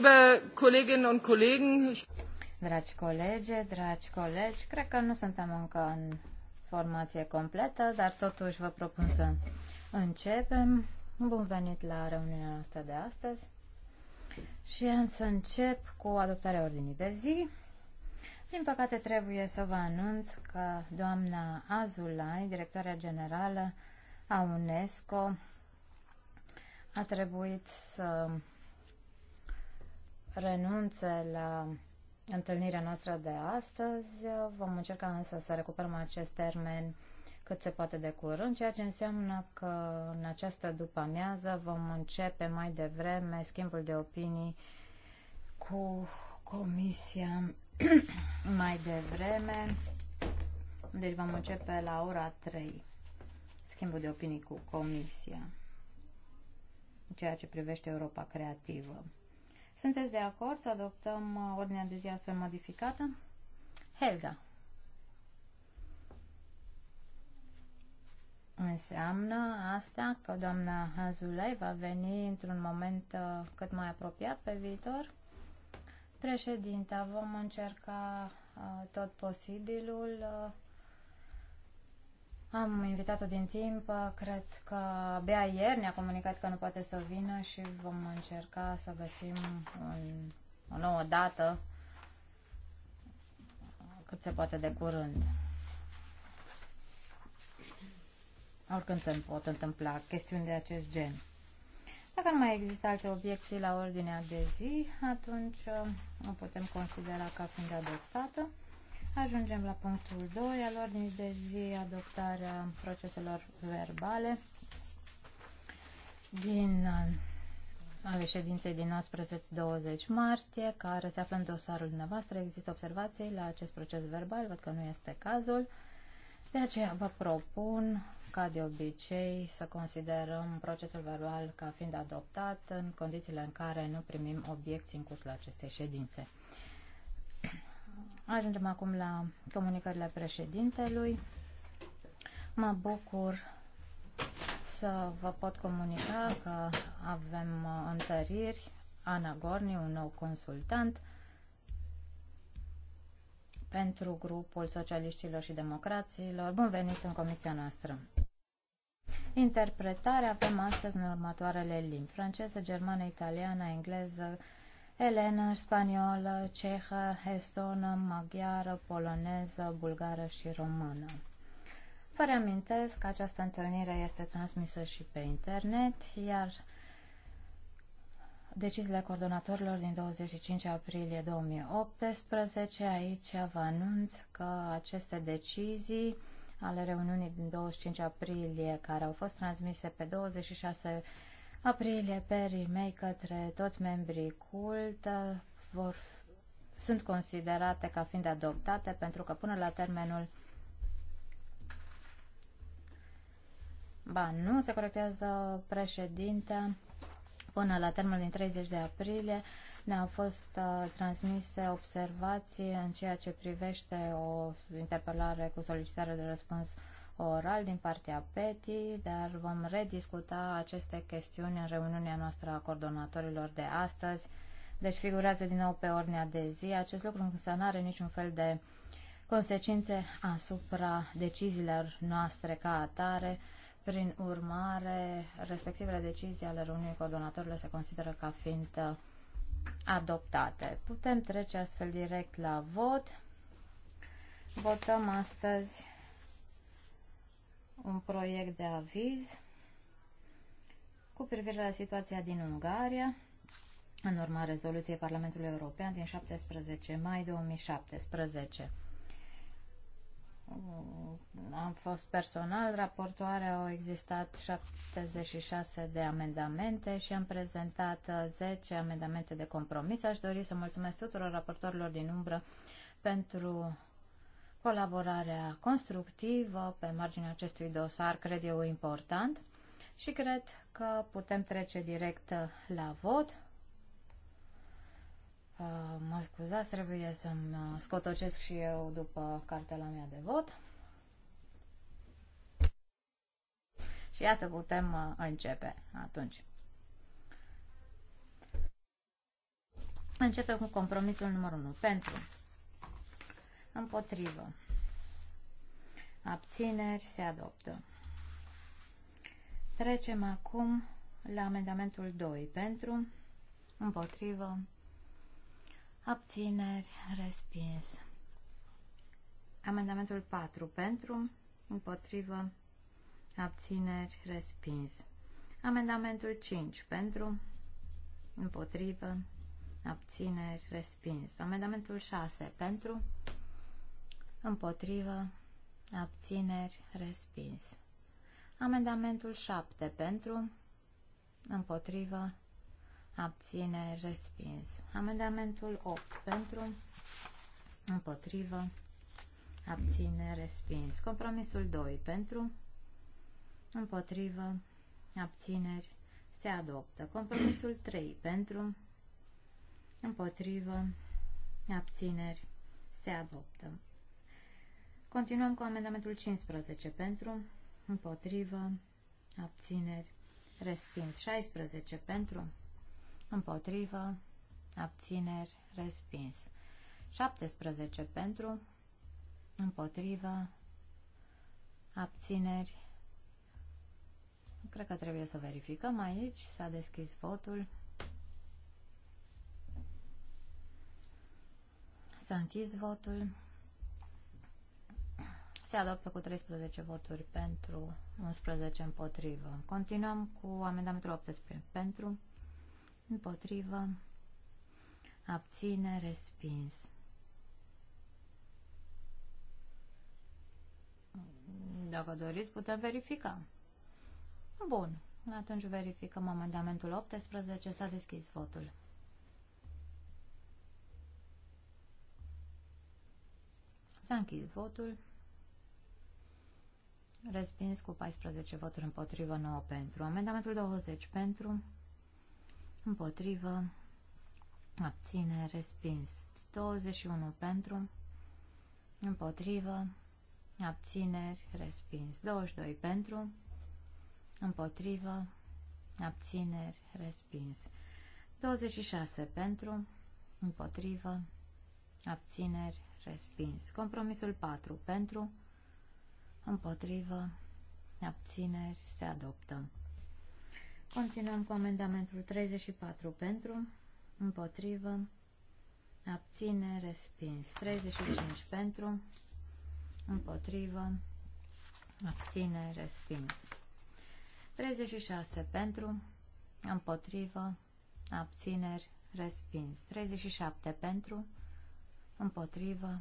Dragi colegi, dragi colegi, cred că nu suntem încă în formație completă, dar totuși vă propun să începem. Bun venit la reuniunea noastră de astăzi. Și am să încep cu adoptarea ordinii de zi. Din păcate trebuie să vă anunț că doamna Azulai, directoarea generală a UNESCO, a trebuit să renunțe la întâlnirea noastră de astăzi. Vom încerca însă să recuperăm acest termen cât se poate de curând, ceea ce înseamnă că în această după-amiază vom începe mai devreme schimbul de opinii cu comisia mai devreme. Deci vom începe la ora 3 schimbul de opinii cu comisia în ceea ce privește Europa creativă. Sunteți de acord să adoptăm uh, ordinea de zi astfel modificată? Helga. Înseamnă asta că doamna Hazulei va veni într-un moment uh, cât mai apropiat pe viitor? Președinta, vom încerca uh, tot posibilul am invitat-o din timp, cred că abia ieri ne-a comunicat că nu poate să vină și vom încerca să găsim un, o nouă dată cât se poate de curând. Oricând se pot întâmpla chestiuni de acest gen. Dacă nu mai există alte obiecții la ordinea de zi, atunci o putem considera ca fiind adoptată. Ajungem la punctul 2 al ordinii de zi, adoptarea proceselor verbale din uh, ale ședinței din 19-20 martie, care se află în dosarul dumneavoastră. Există observații la acest proces verbal, văd că nu este cazul. De aceea vă propun, ca de obicei, să considerăm procesul verbal ca fiind adoptat în condițiile în care nu primim obiecții în cursul acestei ședințe. Ajungem acum la comunicările președintelui. Mă bucur să vă pot comunica că avem întăriri. Ana Gorni, un nou consultant pentru grupul socialiștilor și democrațiilor. Bun venit în comisia noastră! Interpretare avem astăzi în următoarele limbi. Franceză, germană, italiană, engleză, elenă, spaniolă, cehă, estonă, maghiară, poloneză, bulgară și română. Vă reamintesc că această întâlnire este transmisă și pe internet, iar deciziile coordonatorilor din 25 aprilie 2018. Aici vă anunț că aceste decizii ale reuniunii din 25 aprilie, care au fost transmise pe 26 aprilie Perry, mei către toți membrii cult uh, vor, sunt considerate ca fiind adoptate pentru că până la termenul Ba, nu se corectează președinte. Până la termenul din 30 de aprilie ne-au fost uh, transmise observații în ceea ce privește o interpelare cu solicitare de răspuns uh, oral din partea PETI, dar vom rediscuta aceste chestiuni în reuniunea noastră a coordonatorilor de astăzi. Deci figurează din nou pe ordinea de zi. Acest lucru însă nu are niciun fel de consecințe asupra deciziilor noastre ca atare. Prin urmare, respectivele decizii ale reuniunii coordonatorilor se consideră ca fiind uh, adoptate. Putem trece astfel direct la vot. Votăm astăzi un proiect de aviz cu privire la situația din Ungaria, în urma rezoluției Parlamentului European din 17 mai 2017. Uh, am fost personal raportoare, au existat 76 de amendamente și am prezentat 10 uh, amendamente de compromis. Aș dori să mulțumesc tuturor raportorilor din umbră pentru Colaborarea constructivă pe marginea acestui dosar cred eu important și cred că putem trece direct la vot. Uh, mă scuzați, trebuie să-mi uh, scotocesc și eu după cartela mea de vot. Și iată, putem uh, începe atunci. Începem cu compromisul numărul 1. Pentru Împotrivă. Abțineri se adoptă. Trecem acum la amendamentul 2. Pentru, împotrivă, abțineri, respins. Amendamentul 4. Pentru, împotrivă, abțineri, respins. Amendamentul 5. Pentru, împotrivă, abțineri, respins. Amendamentul 6. Pentru, împotrivă, abțineri, respins. Amendamentul 7 pentru, împotrivă, abțineri, respins. Amendamentul 8 pentru, împotrivă, abțineri, respins. Compromisul 2 pentru, împotrivă, abțineri, se adoptă. Compromisul 3 pentru, împotrivă, abțineri, se adoptă. Continuăm cu amendamentul 15 pentru, împotrivă, abțineri, respins. 16 pentru, împotrivă, abțineri, respins. 17 pentru, împotrivă, abțineri. Cred că trebuie să verificăm aici. S-a deschis votul. S-a închis votul se adoptă cu 13 voturi pentru, 11 împotrivă. Continuăm cu amendamentul 18 pentru, împotrivă, abține, respins. Dacă doriți, putem verifica. Bun, atunci verificăm amendamentul 18, s-a deschis votul. S-a închis votul. Respins cu 14 voturi împotrivă, 9 pentru. Amendamentul 20 pentru. Împotrivă. Abține. Respins. 21 pentru. Împotrivă. Abțineri. Respins. 22 pentru. Împotrivă. Abțineri. Respins. 26 pentru. Împotrivă. Abțineri. Respins. Compromisul 4 pentru împotrivă, abțineri, se adoptă. Continuăm cu amendamentul 34 pentru, împotrivă, abține, respins. 35 pentru, împotrivă, abține, respins. 36 pentru, împotrivă, abțineri, respins. 37 pentru, împotrivă,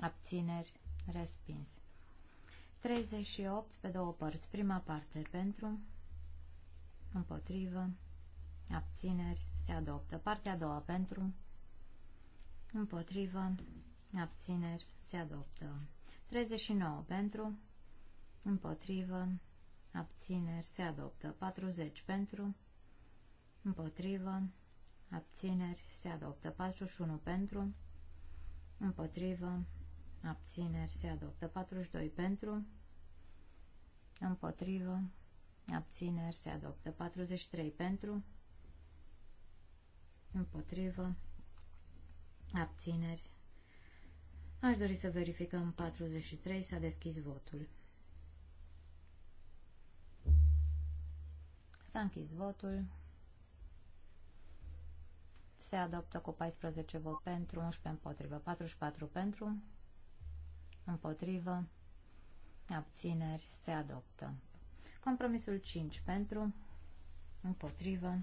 abțineri, respins. 38 pe două părți. Prima parte pentru, împotrivă, abțineri, se adoptă. Partea a doua pentru, împotrivă, abțineri, se adoptă. 39 pentru, împotrivă, abțineri, se adoptă. 40 pentru, împotrivă, abțineri, se adoptă. 41 pentru, împotrivă, abțineri se adoptă. 42 pentru, împotrivă, abțineri se adoptă. 43 pentru, împotrivă, abțineri. Aș dori să verificăm 43, s-a deschis votul. S-a închis votul. Se adoptă cu 14 vot pentru, 11 împotrivă, 44 pentru, împotrivă, abțineri, se adoptă. Compromisul 5 pentru, împotrivă,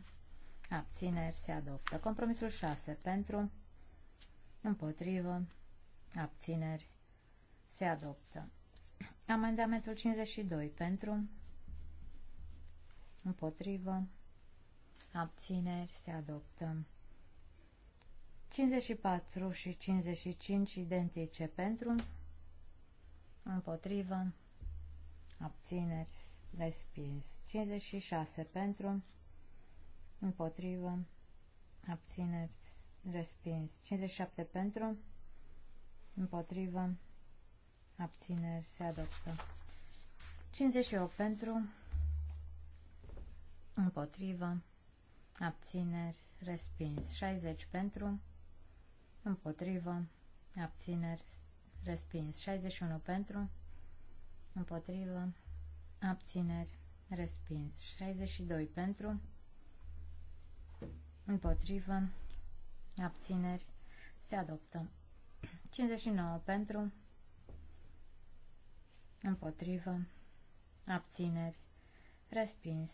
abțineri, se adoptă. Compromisul 6 pentru, împotrivă, abțineri, se adoptă. Amendamentul 52 pentru, împotrivă, abțineri, se adoptă. 54 și 55 identice pentru, împotrivă, abțineri, respins. 56 pentru, împotrivă, abțineri, respins. 57 pentru, împotrivă, abțineri, se adoptă. 58 pentru, împotrivă, abțineri, respins. 60 pentru, împotrivă, abțineri, respins. 61 pentru, împotrivă, abțineri, respins. 62 pentru, împotrivă, abțineri, se adoptă. 59 pentru, împotrivă, abțineri, respins.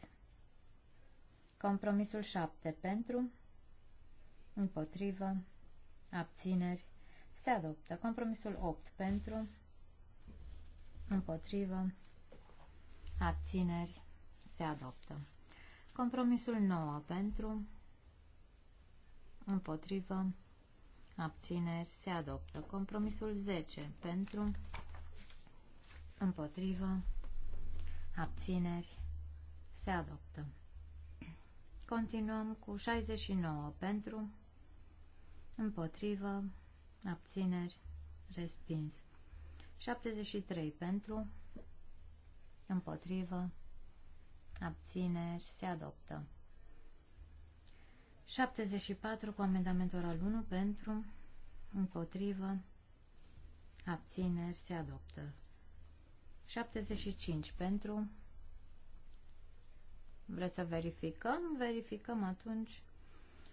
Compromisul 7 pentru, împotrivă, abțineri, se adoptă. Compromisul 8 pentru, împotrivă, abțineri, se adoptă. Compromisul 9 pentru, împotrivă, abțineri, se adoptă. Compromisul 10 pentru, împotrivă, abțineri, se adoptă. Continuăm cu 69 pentru, împotrivă, abțineri, respins. 73 pentru, împotrivă, abțineri, se adoptă. 74 cu amendamentul al 1 pentru, împotrivă, abțineri, se adoptă. 75 pentru, vreți să verificăm? Verificăm atunci.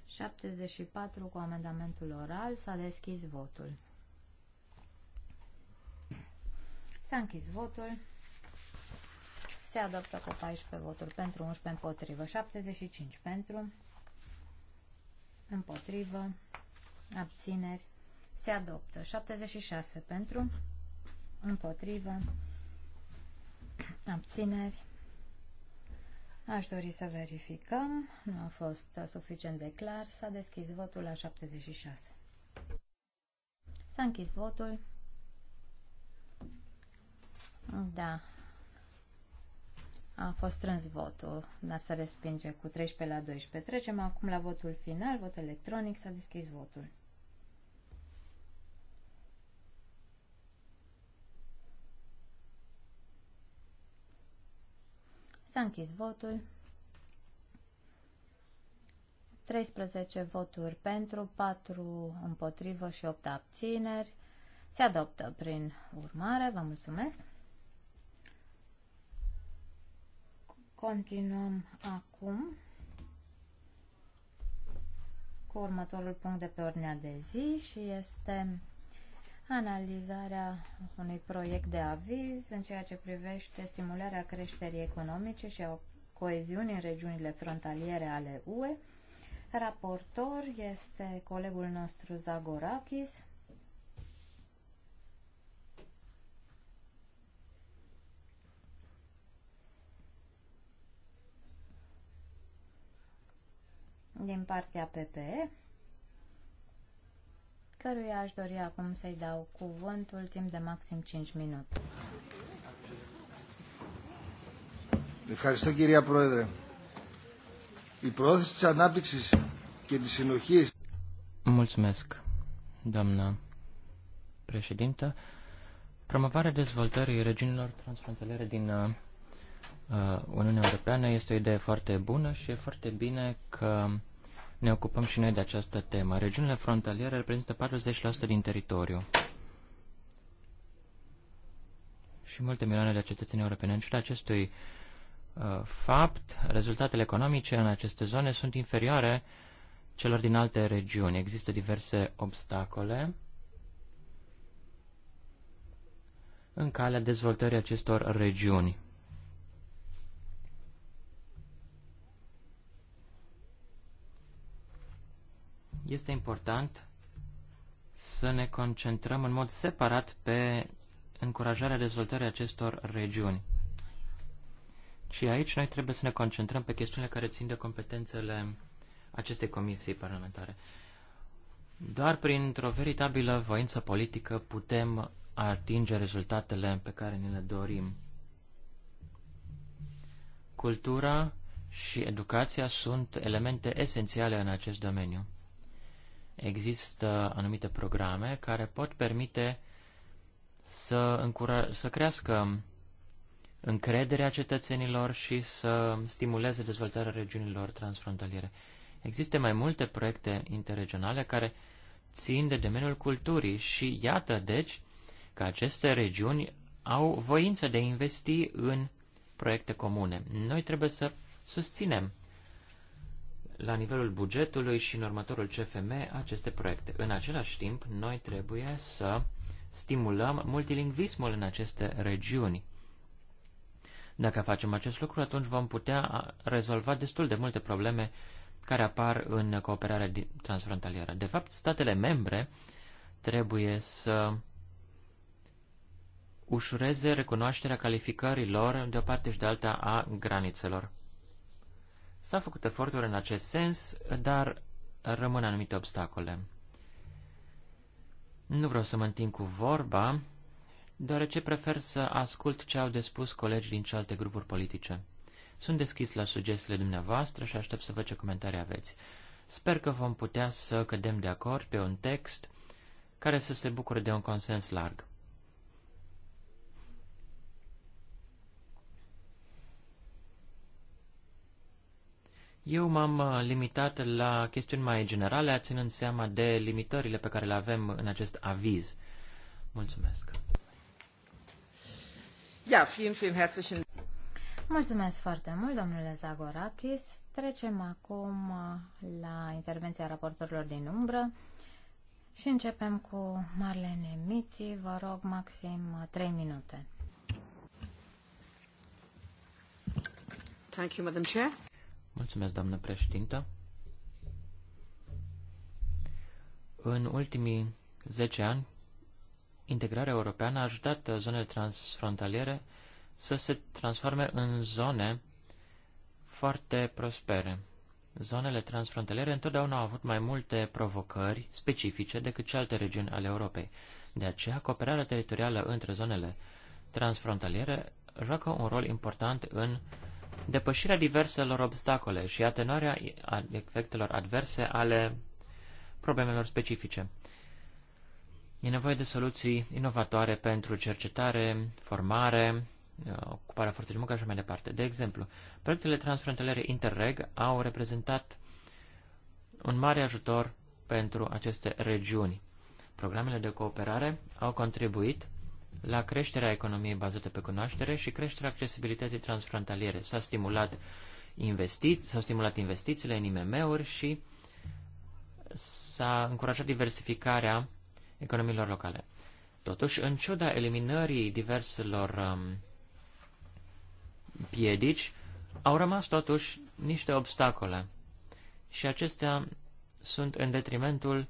74 cu amendamentul oral. S-a deschis votul. S-a închis votul. Se adoptă cu 14 voturi pentru, 11 împotrivă, 75 pentru, împotrivă, abțineri. Se adoptă 76 pentru, împotrivă, abțineri. Aș dori să verificăm. Nu a fost suficient de clar. S-a deschis votul la 76. S-a închis votul. Da. A fost strâns votul, dar se respinge cu 13 la 12. Trecem acum la votul final, vot electronic, s-a deschis votul. S-a închis votul. 13 voturi pentru, 4 împotrivă și 8 abțineri. Se adoptă prin urmare. Vă mulțumesc. Continuăm acum cu următorul punct de pe ordinea de zi și este analizarea unui proiect de aviz în ceea ce privește stimularea creșterii economice și a coeziunii în regiunile frontaliere ale UE. Raportor este colegul nostru Zagorakis. din partea PPE căruia aș dori acum să-i dau cuvântul timp de maxim 5 minute. Ευχαριστώ κυρία Πρόεδρε. Η πρόθεση της ανάπτυξης και της συνοχής... Mulțumesc, doamnă președintă. Promovarea dezvoltării regiunilor transfrontaliere din uh, uh Uniunea Europeană este o idee foarte bună și e foarte bine că ne ocupăm și noi de această temă. Regiunile frontaliere reprezintă 40% din teritoriu. Și multe milioane de cetățeni europene. În ciuda acestui uh, fapt, rezultatele economice în aceste zone sunt inferioare celor din alte regiuni. Există diverse obstacole în calea dezvoltării acestor regiuni. este important să ne concentrăm în mod separat pe încurajarea dezvoltării acestor regiuni. Și aici noi trebuie să ne concentrăm pe chestiunile care țin de competențele acestei comisii parlamentare. Doar printr-o veritabilă voință politică putem atinge rezultatele pe care ni le dorim. Cultura și educația sunt elemente esențiale în acest domeniu există anumite programe care pot permite să, încura- să crească încrederea cetățenilor și să stimuleze dezvoltarea regiunilor transfrontaliere. Există mai multe proiecte interregionale care țin de domeniul culturii și iată, deci, că aceste regiuni au voință de a investi în proiecte comune. Noi trebuie să susținem la nivelul bugetului și în următorul CFM aceste proiecte. În același timp, noi trebuie să stimulăm multilingvismul în aceste regiuni. Dacă facem acest lucru, atunci vom putea rezolva destul de multe probleme care apar în cooperarea transfrontalieră. De fapt, statele membre trebuie să ușureze recunoașterea calificărilor de o parte și de alta a granițelor. S-au făcut eforturi în acest sens, dar rămân anumite obstacole. Nu vreau să mă întind cu vorba, deoarece prefer să ascult ce au de spus colegii din celelalte grupuri politice. Sunt deschis la sugestiile dumneavoastră și aștept să văd ce comentarii aveți. Sper că vom putea să cădem de acord pe un text care să se bucure de un consens larg. Eu m-am uh, limitat la chestiuni mai generale, ținând seama de limitările pe care le avem în acest aviz. Mulțumesc. Ja, vielen, vielen herzlichen Mulțumesc foarte mult, domnule Zagorakis. Trecem acum uh, la intervenția raportorilor din umbră și începem cu Marlene Miții. Vă rog, maxim 3 uh, minute. Thank you, Madam Chair. Mulțumesc, doamnă președintă. În ultimii 10 ani, integrarea europeană a ajutat zonele transfrontaliere să se transforme în zone foarte prospere. Zonele transfrontaliere întotdeauna au avut mai multe provocări specifice decât celelalte regiuni ale Europei. De aceea, cooperarea teritorială între zonele transfrontaliere joacă un rol important în depășirea diverselor obstacole și atenuarea efectelor adverse ale problemelor specifice. E nevoie de soluții inovatoare pentru cercetare, formare, ocuparea forței de muncă și așa mai departe. De exemplu, proiectele transfrontaliere Interreg au reprezentat un mare ajutor pentru aceste regiuni. Programele de cooperare au contribuit la creșterea economiei bazate pe cunoaștere și creșterea accesibilității transfrontaliere. S-a stimulat investit, s-au stimulat investițiile în IMM-uri și s-a încurajat diversificarea economiilor locale. Totuși, în ciuda eliminării diverselor um, piedici, au rămas totuși niște obstacole și acestea sunt în detrimentul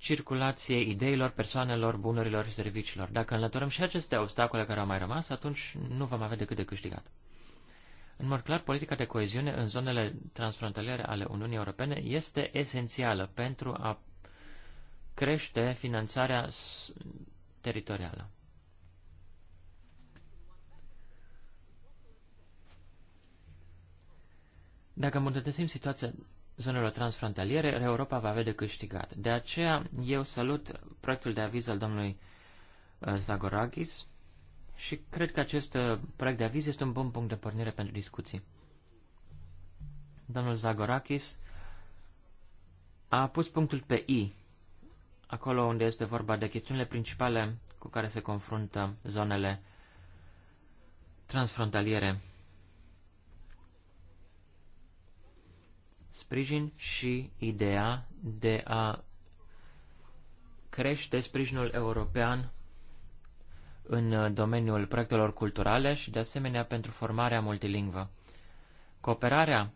circulație ideilor, persoanelor, bunurilor și serviciilor. Dacă înlăturăm și aceste obstacole care au mai rămas, atunci nu vom avea decât de câștigat. În mod clar, politica de coeziune în zonele transfrontaliere ale Uniunii Europene este esențială pentru a crește finanțarea teritorială. Dacă îmbunătățim situația zonelor transfrontaliere, Europa va avea de câștigat. De aceea, eu salut proiectul de aviz al domnului uh, Zagorakis și cred că acest uh, proiect de aviz este un bun punct de pornire pentru discuții. Domnul Zagorakis a pus punctul pe I, acolo unde este vorba de chestiunile principale cu care se confruntă zonele transfrontaliere Sprijin și ideea de a crește sprijinul european în domeniul proiectelor culturale și, de asemenea, pentru formarea multilingvă. Cooperarea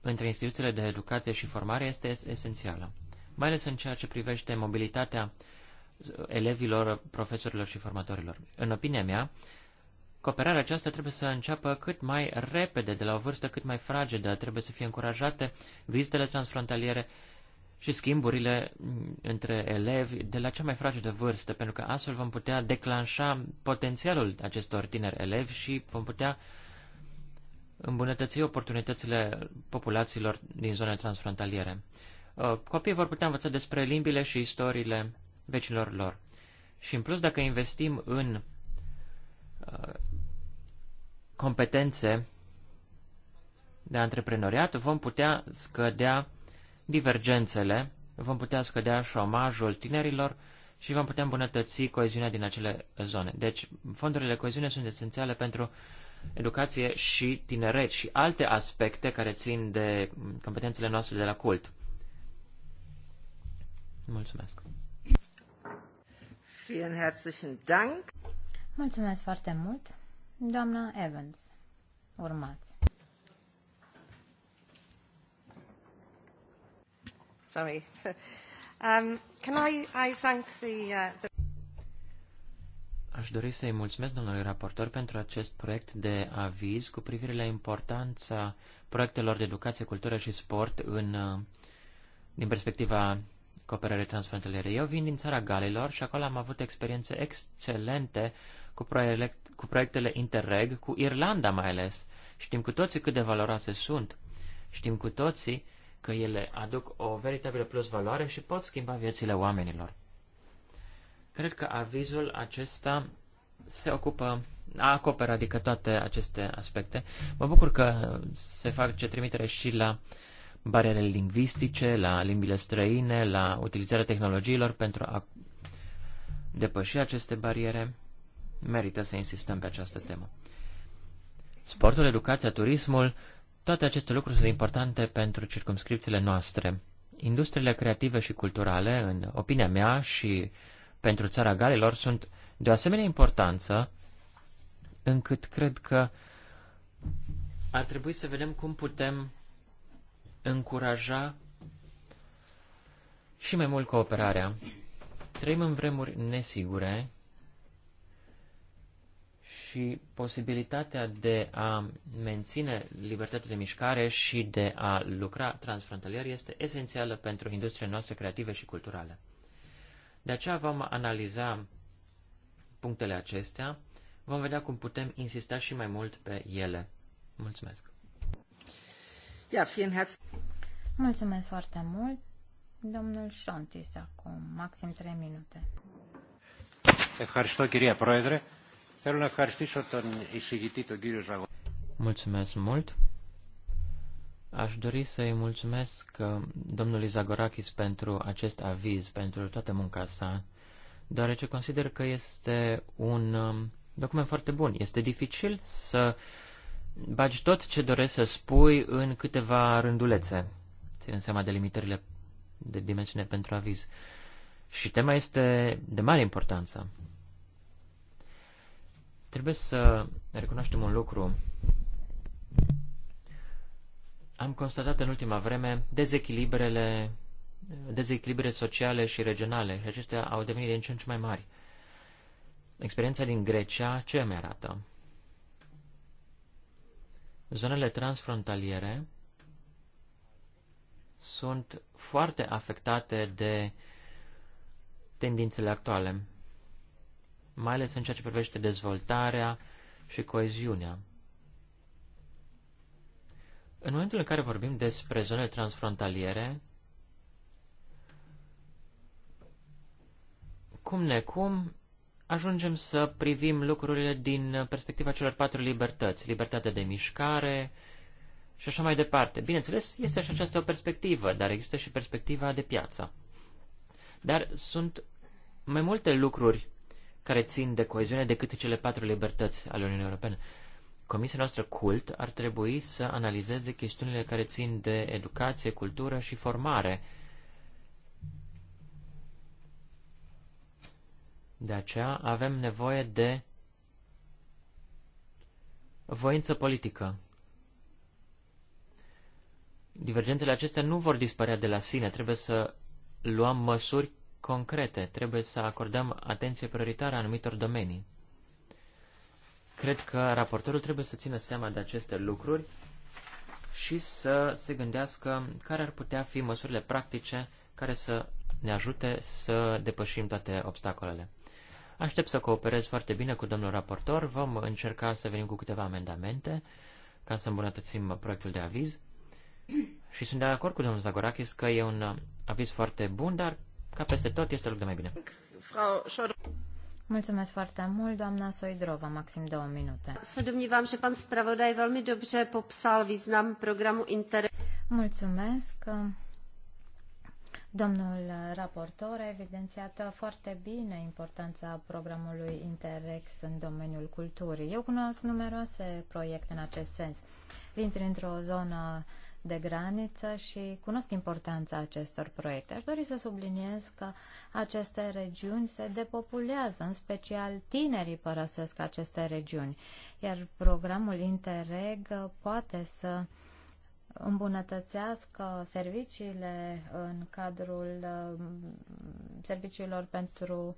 între instituțiile de educație și formare este esențială, mai ales în ceea ce privește mobilitatea elevilor, profesorilor și formatorilor. În opinia mea, Cooperarea aceasta trebuie să înceapă cât mai repede, de la o vârstă cât mai fragedă. Trebuie să fie încurajate vizitele transfrontaliere și schimburile mm, între elevi de la cea mai fragedă vârstă, pentru că astfel vom putea declanșa potențialul acestor tineri elevi și vom putea îmbunătăți oportunitățile populațiilor din zone transfrontaliere. Uh, copiii vor putea învăța despre limbile și istoriile vecinilor lor. Și în plus, dacă investim în uh, competențe de antreprenoriat, vom putea scădea divergențele, vom putea scădea șomajul tinerilor și vom putea îmbunătăți coeziunea din acele zone. Deci, fondurile de coeziune sunt esențiale pentru educație și tineret și alte aspecte care țin de competențele noastre de la cult. Mulțumesc! Vielen herzlichen Dank! Mulțumesc foarte mult! Doamna Evans, urmați. Sorry. um, can I, I thank the, uh, the... Aș dori să-i mulțumesc domnului raportor pentru acest proiect de aviz cu privire la importanța proiectelor de educație, cultură și sport în, uh, din perspectiva cooperare transfrontaliere. Eu vin din țara Galilor și acolo am avut experiențe excelente cu, proiect, cu proiectele Interreg, cu Irlanda mai ales. Știm cu toții cât de valoroase sunt. Știm cu toții că ele aduc o veritabilă plus valoare și pot schimba viețile oamenilor. Cred că avizul acesta se ocupă, acoperă adică toate aceste aspecte. Mă bucur că se face trimitere și la uh, barierele lingvistice, la limbile străine, la utilizarea tehnologiilor pentru a depăși aceste bariere. Merită să insistăm pe această temă. Sportul, educația, turismul, toate aceste lucruri sunt importante pentru circumscripțiile noastre. Industriile creative și culturale, în opinia mea și pentru țara Galilor, sunt de o asemenea importanță încât cred că ar trebui să vedem cum putem încuraja și mai mult cooperarea. Trăim în vremuri nesigure și posibilitatea de a menține libertatea de mișcare și de a lucra transfrontalier este esențială pentru industria noastră creative și culturale. De aceea vom analiza punctele acestea, vom vedea cum putem insista și mai mult pe ele. Mulțumesc! Ja, vielen herz- Mulțumesc foarte mult. Domnul Șontis, acum, maxim 3 minute. Ευχαριστώ, κυρία Πρόεδρε. Θέλω να ευχαριστήσω τον εισηγητή, τον κύριο Ζαγό. Mulțumesc mult. Aș dori să-i mulțumesc uh, domnului Zagorakis pentru acest aviz, pentru toată munca sa, deoarece consider că este un um, document foarte bun. Este dificil să uh, bagi tot ce doresc să spui în câteva rândulețe, ținând seama de limitările de dimensiune pentru aviz. Și tema este de mare importanță. Trebuie să recunoaștem un lucru. Am constatat în ultima vreme dezechilibrele, dezechilibre sociale și regionale și acestea au devenit din ce în ce mai mari. Experiența din Grecia ce mi arată? Zonele transfrontaliere sunt foarte afectate de tendințele actuale, mai ales în ceea ce privește dezvoltarea și coeziunea. În momentul în care vorbim despre zonele transfrontaliere, cum necum, ajungem să privim lucrurile din perspectiva celor patru libertăți, libertatea de mișcare și așa mai departe. Bineînțeles, este și această o perspectivă, dar există și perspectiva de piață. Dar sunt mai multe lucruri care țin de coeziune decât cele patru libertăți ale Uniunii Europene. Comisia noastră cult ar trebui să analizeze chestiunile care țin de educație, cultură și formare, De aceea avem nevoie de voință politică. Divergențele acestea nu vor dispărea de la sine, trebuie să luăm măsuri concrete, trebuie să acordăm atenție prioritară anumitor domenii. Cred că raportorul trebuie să țină seama de aceste lucruri și să se gândească care ar putea fi măsurile practice care să ne ajute să depășim toate obstacolele. Aștept să cooperez foarte bine cu domnul raportor, vom încerca să venim cu câteva amendamente ca să îmbunătățim proiectul de aviz. Și sunt de acord cu domnul Zagorakis că e un aviz foarte bun, dar ca peste tot este loc de mai bine. Mulțumesc foarte mult, doamna Soidrova, maxim două minute. Să domnivam și pan spravodaj velmi dobře popsal význam programu Inter... Mulțumesc. Domnul raportor a evidențiat foarte bine importanța programului Interrex în domeniul culturii. Eu cunosc numeroase proiecte în acest sens. Vin într-o zonă de graniță și cunosc importanța acestor proiecte. Aș dori să subliniez că aceste regiuni se depopulează, în special tinerii părăsesc aceste regiuni, iar programul Interreg poate să uh, îmbunătățească serviciile în cadrul um, serviciilor pentru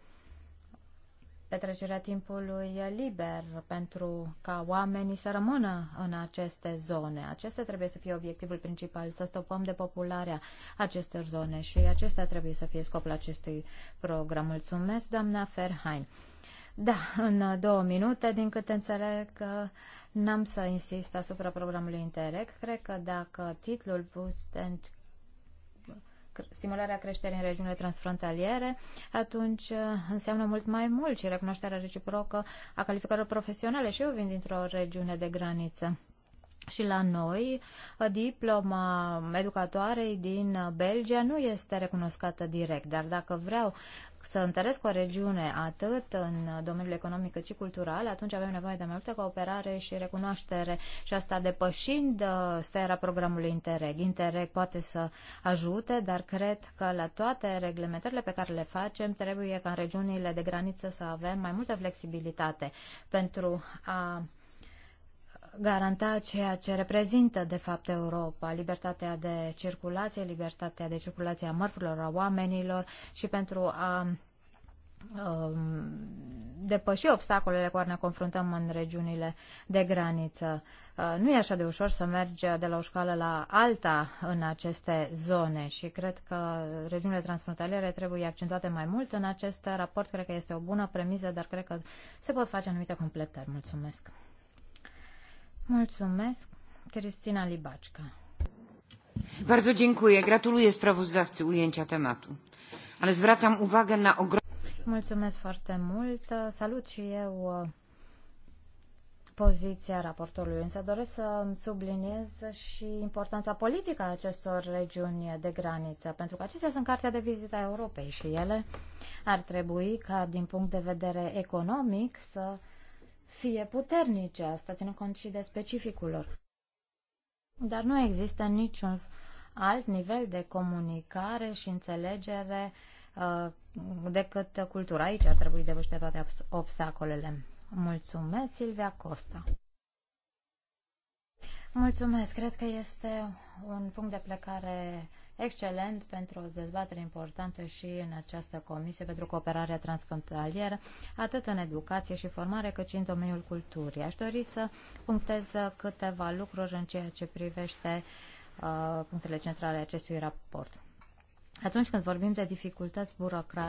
petrecerea timpului liber, pentru ca oamenii să rămână în aceste zone. Acesta trebuie să fie obiectivul principal, să stopăm depopularea acestor zone și acesta trebuie să fie scopul acestui program. Mulțumesc, doamna Ferhain. Da, în două minute, din câte înțeleg, n-am să insist asupra programului Interreg. Cred că dacă titlul Boost and stimularea creșterii în regiunile transfrontaliere, atunci uh, înseamnă mult mai mult și recunoașterea reciprocă a calificărilor profesionale. Și eu vin dintr-o regiune de graniță. Și la noi, uh, diploma educatoarei din uh, Belgia nu este recunoscută direct, dar dacă vreau să întăresc o regiune atât în domeniul economic cât și cultural, atunci avem nevoie de mai multă cooperare și recunoaștere și asta depășind uh, sfera programului Interreg. Interreg poate să ajute, dar cred că la toate reglementările pe care le facem trebuie ca în regiunile de graniță să avem mai multă flexibilitate pentru a garanta ceea ce reprezintă de fapt Europa, libertatea de circulație, libertatea de circulație a mărfurilor, a oamenilor și pentru a um, depăși obstacolele cu care ne confruntăm în regiunile de graniță. Uh, nu e așa de ușor să mergi de la o școală la alta în aceste zone și cred că regiunile transfrontaliere trebuie accentuate mai mult în acest raport. Cred că este o bună premiză, dar cred că se pot face anumite completări. Mulțumesc! Mulțumesc, Cristina Libacca. Bardzo dziękuję. Gratuluję sprawozdawcy ujęcia tematu. Ale zwracam uwagę na ogrom... Mulțumesc foarte mult. Salut și eu uh, poziția raportorului, însă doresc să subliniez și importanța politică a acestor regiuni de graniță, pentru că acestea sunt cartea de vizită a Europei și ele ar trebui ca, din punct de vedere economic, să fie puternice, asta ține cont și de specificul lor. Dar nu există niciun alt nivel de comunicare și înțelegere uh, decât cultura. Aici ar trebui depășite toate obstacolele. Mulțumesc, Silvia Costa. Mulțumesc. Cred că este un punct de plecare excelent pentru o dezbatere importantă și în această comisie pentru cooperarea transfrontalieră, atât în educație și formare, cât și în domeniul culturii. Aș dori să punctez câteva lucruri în ceea ce privește uh, punctele centrale acestui raport. Atunci când vorbim de dificultăți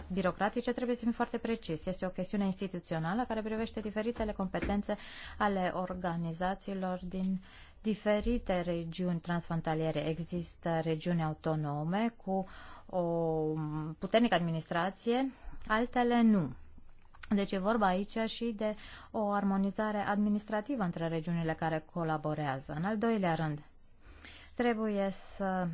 birocratice, trebuie să fim foarte precis. Este o chestiune instituțională care privește diferitele competențe ale organizațiilor din diferite regiuni transfrontaliere. Există regiuni autonome cu o puternică administrație, altele nu. Deci e vorba aici și de o armonizare administrativă între regiunile care colaborează. În al doilea rând, trebuie să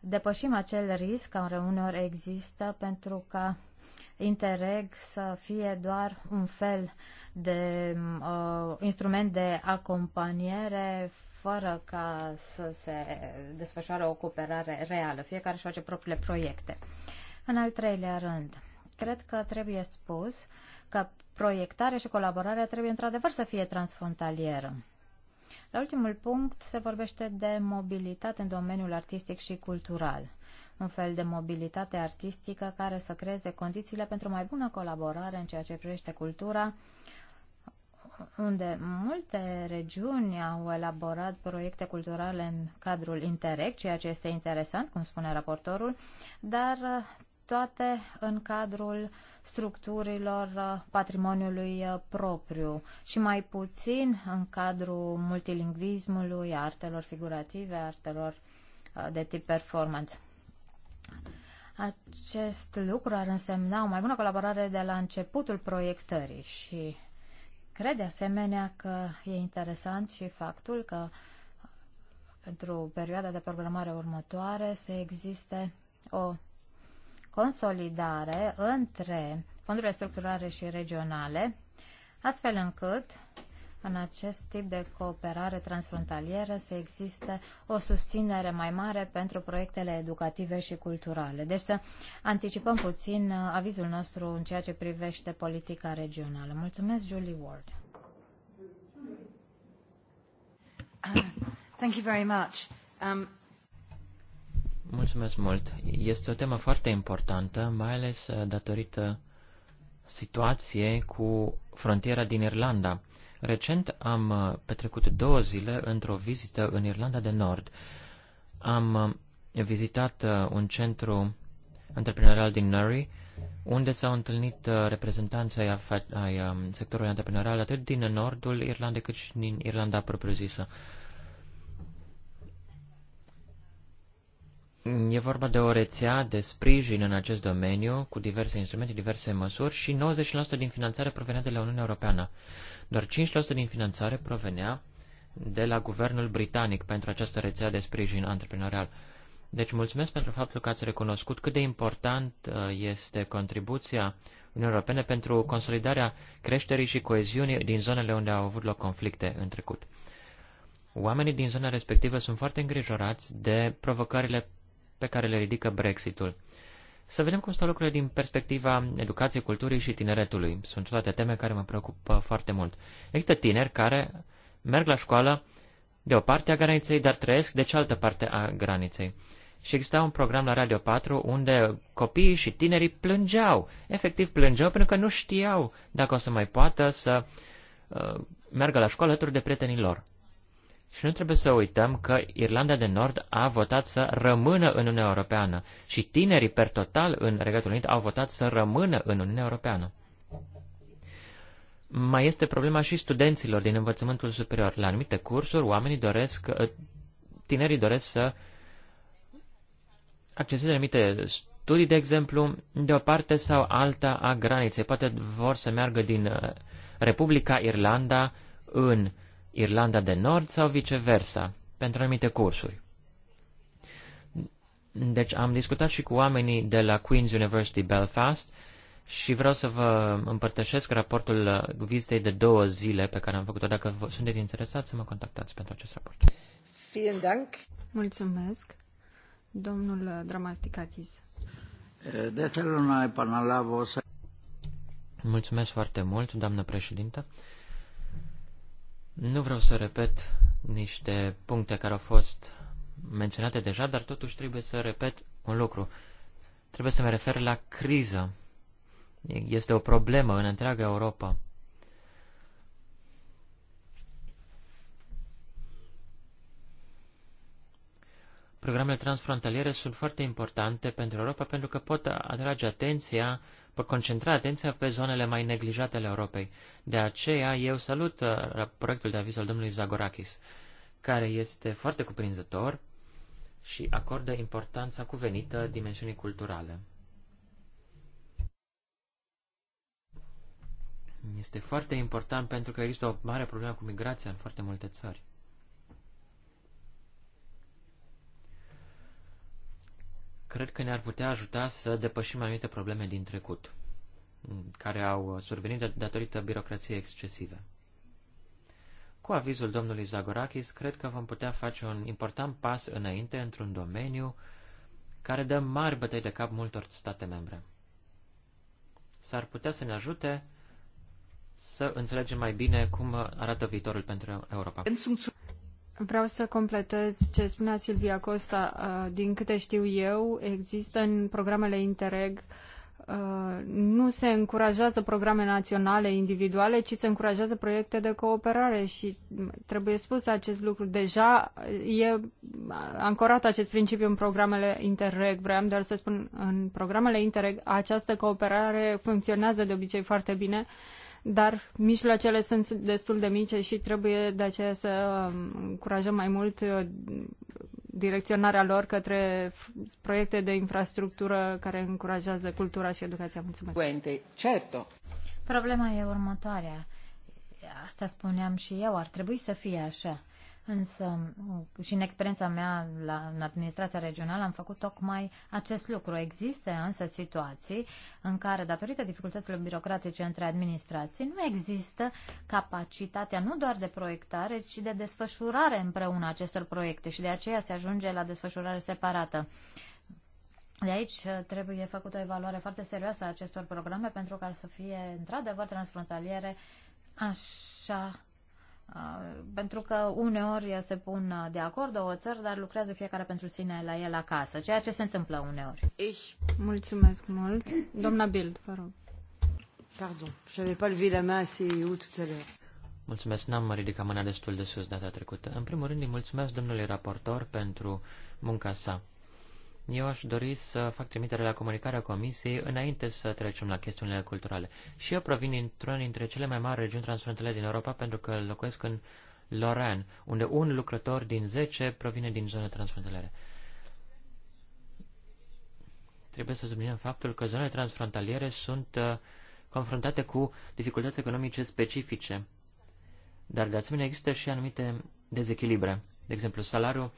depășim acel risc care uneori există pentru ca Interreg să fie doar un fel de uh, instrument de acompaniere fără ca să se desfășoare o cooperare reală. Fiecare își face propriile proiecte. În al treilea rând, cred că trebuie spus că proiectarea și colaborarea trebuie într-adevăr să fie transfrontalieră. La ultimul punct se vorbește de mobilitate în domeniul artistic și cultural. Un fel de mobilitate artistică care să creeze condițiile pentru mai bună colaborare în ceea ce privește cultura, unde multe regiuni au elaborat proiecte culturale în cadrul Interreg, ceea ce este interesant, cum spune raportorul, dar toate în cadrul structurilor uh, patrimoniului uh, propriu și mai puțin în cadrul multilingvismului, artelor figurative, artelor uh, de tip performance. Acest lucru ar însemna o mai bună colaborare de la începutul proiectării și cred de asemenea că e interesant și faptul că pentru perioada de programare următoare să existe o consolidare între fondurile structurale și regionale, astfel încât în acest tip de cooperare transfrontalieră să existe o susținere mai mare pentru proiectele educative și culturale. Deci să anticipăm puțin uh, avizul nostru în ceea ce privește politica regională. Mulțumesc, Julie Ward. Thank you very much. Um, Mulțumesc mult. Este o temă foarte importantă, mai ales uh, datorită situației cu frontiera din Irlanda. Recent am uh, petrecut două zile într-o vizită în Irlanda de Nord. Am uh, vizitat un centru antreprenorial din Nuri, unde s-au întâlnit reprezentanții ai um, sectorului antreprenorial atât din nordul Irlandei cât și din Irlanda propriu-zisă. E vorba de o rețea de sprijin în acest domeniu, cu diverse instrumente, diverse măsuri și 90% din finanțare provenea de la Uniunea Europeană. Doar 5% din finanțare provenea de la guvernul britanic pentru această rețea de sprijin antreprenorial. Deci mulțumesc pentru faptul că ați recunoscut cât de important uh, este contribuția Uniunii Europene pentru consolidarea creșterii și coeziunii din zonele unde au avut loc conflicte în trecut. Oamenii din zona respectivă sunt foarte îngrijorați de provocările pe care le ridică Brexitul. Să vedem cum stau lucrurile din perspectiva educației, culturii și tineretului. Sunt toate teme care mă preocupă foarte mult. Există tineri care merg la școală de o parte a graniței, dar trăiesc de cealaltă parte a graniței. Și exista un program la Radio 4 unde copiii și tinerii plângeau, efectiv plângeau, pentru că nu știau dacă o să mai poată să uh, meargă la școală alături de prietenii lor. Și nu trebuie să uităm că Irlanda de Nord a votat să rămână în Uniunea Europeană și tinerii per total în Regatul Unit au votat să rămână în Uniunea Europeană. Mai este problema și studenților din învățământul superior. La anumite cursuri, oamenii doresc, ă, tinerii doresc să acceseze anumite studii, de exemplu, de o parte sau alta a graniței. Poate vor să meargă din ă, Republica Irlanda în Irlanda de Nord sau viceversa, pentru anumite cursuri. Deci am discutat și cu oamenii de la Queen's University Belfast și vreau să vă împărtășesc raportul vizitei de două zile pe care am făcut-o. Dacă vă sunteți interesați, să mă contactați pentru acest raport. Mulțumesc. Domnul Dramaticakis. De θέλω να Mulțumesc foarte mult, doamnă președintă. Nu vreau să repet niște puncte care au fost menționate deja, dar totuși trebuie să repet un lucru. Trebuie să mă refer la criză. Este o problemă în întreaga Europa. Programele transfrontaliere sunt foarte importante pentru Europa pentru că pot atrage atenția pot concentra atenția pe zonele mai neglijate ale Europei. De aceea, eu salut uh, proiectul de aviz al domnului Zagorakis, care este foarte cuprinzător și acordă importanța cuvenită dimensiunii culturale. Este foarte important pentru că există o mare problemă cu migrația în foarte multe țări. cred că ne-ar putea ajuta să depășim anumite probleme din trecut, mm, care au survenit datorită birocrației excesive. Cu avizul domnului Zagorakis, cred că vom putea face un important pas înainte într-un domeniu care dă mari bătăi de cap multor state membre. S-ar putea să ne ajute să înțelegem mai bine cum arată viitorul pentru Europa. Vreau să completez ce spunea Silvia Costa. Uh, din câte știu eu, există în programele Interreg uh, nu se încurajează programe naționale individuale, ci se încurajează proiecte de cooperare și trebuie spus acest lucru. Deja e ancorat acest principiu în programele Interreg. Vreau doar să spun, în programele Interreg această cooperare funcționează de obicei foarte bine dar mijloacele sunt destul de mici și trebuie de aceea să um, încurajăm mai mult uh, direcționarea lor către proiecte de infrastructură care încurajează cultura și educația. Mulțumesc. Puente, certo. Problema e următoarea. Asta spuneam și eu, ar trebui să fie așa. Însă, și în experiența mea la, în administrația regională, am făcut tocmai acest lucru. Există însă situații în care, datorită dificultăților birocratice între administrații, nu există capacitatea nu doar de proiectare, ci de desfășurare împreună acestor proiecte și de aceea se ajunge la desfășurare separată. De aici uh, trebuie făcută o evaluare foarte serioasă a acestor programe pentru ca să fie într-adevăr transfrontaliere așa Uh, pentru că uneori se pun uh, de acord două țări, dar lucrează fiecare pentru sine la el acasă, ceea ce se întâmplă uneori. Ich. Mulțumesc mult. Doamna Bild, vă rog. Pardon, j'avais pas levé la main assez haut tout à l'heure. Mulțumesc, n-am ridicat mâna destul de sus data trecută. În primul rând îi mulțumesc domnului raportor pentru munca sa. Eu aș dori să fac trimitere la comunicarea Comisiei înainte să trecem la chestiunile culturale. Și eu provin într una dintre cele mai mari regiuni transfrontaliere din Europa pentru că locuiesc în Loran, unde un lucrător din 10 provine din zone transfrontaliere. Trebuie să subliniem faptul că zonele transfrontaliere sunt uh, confruntate cu dificultăți economice specifice, dar de asemenea există și anumite dezechilibre. De exemplu, salariul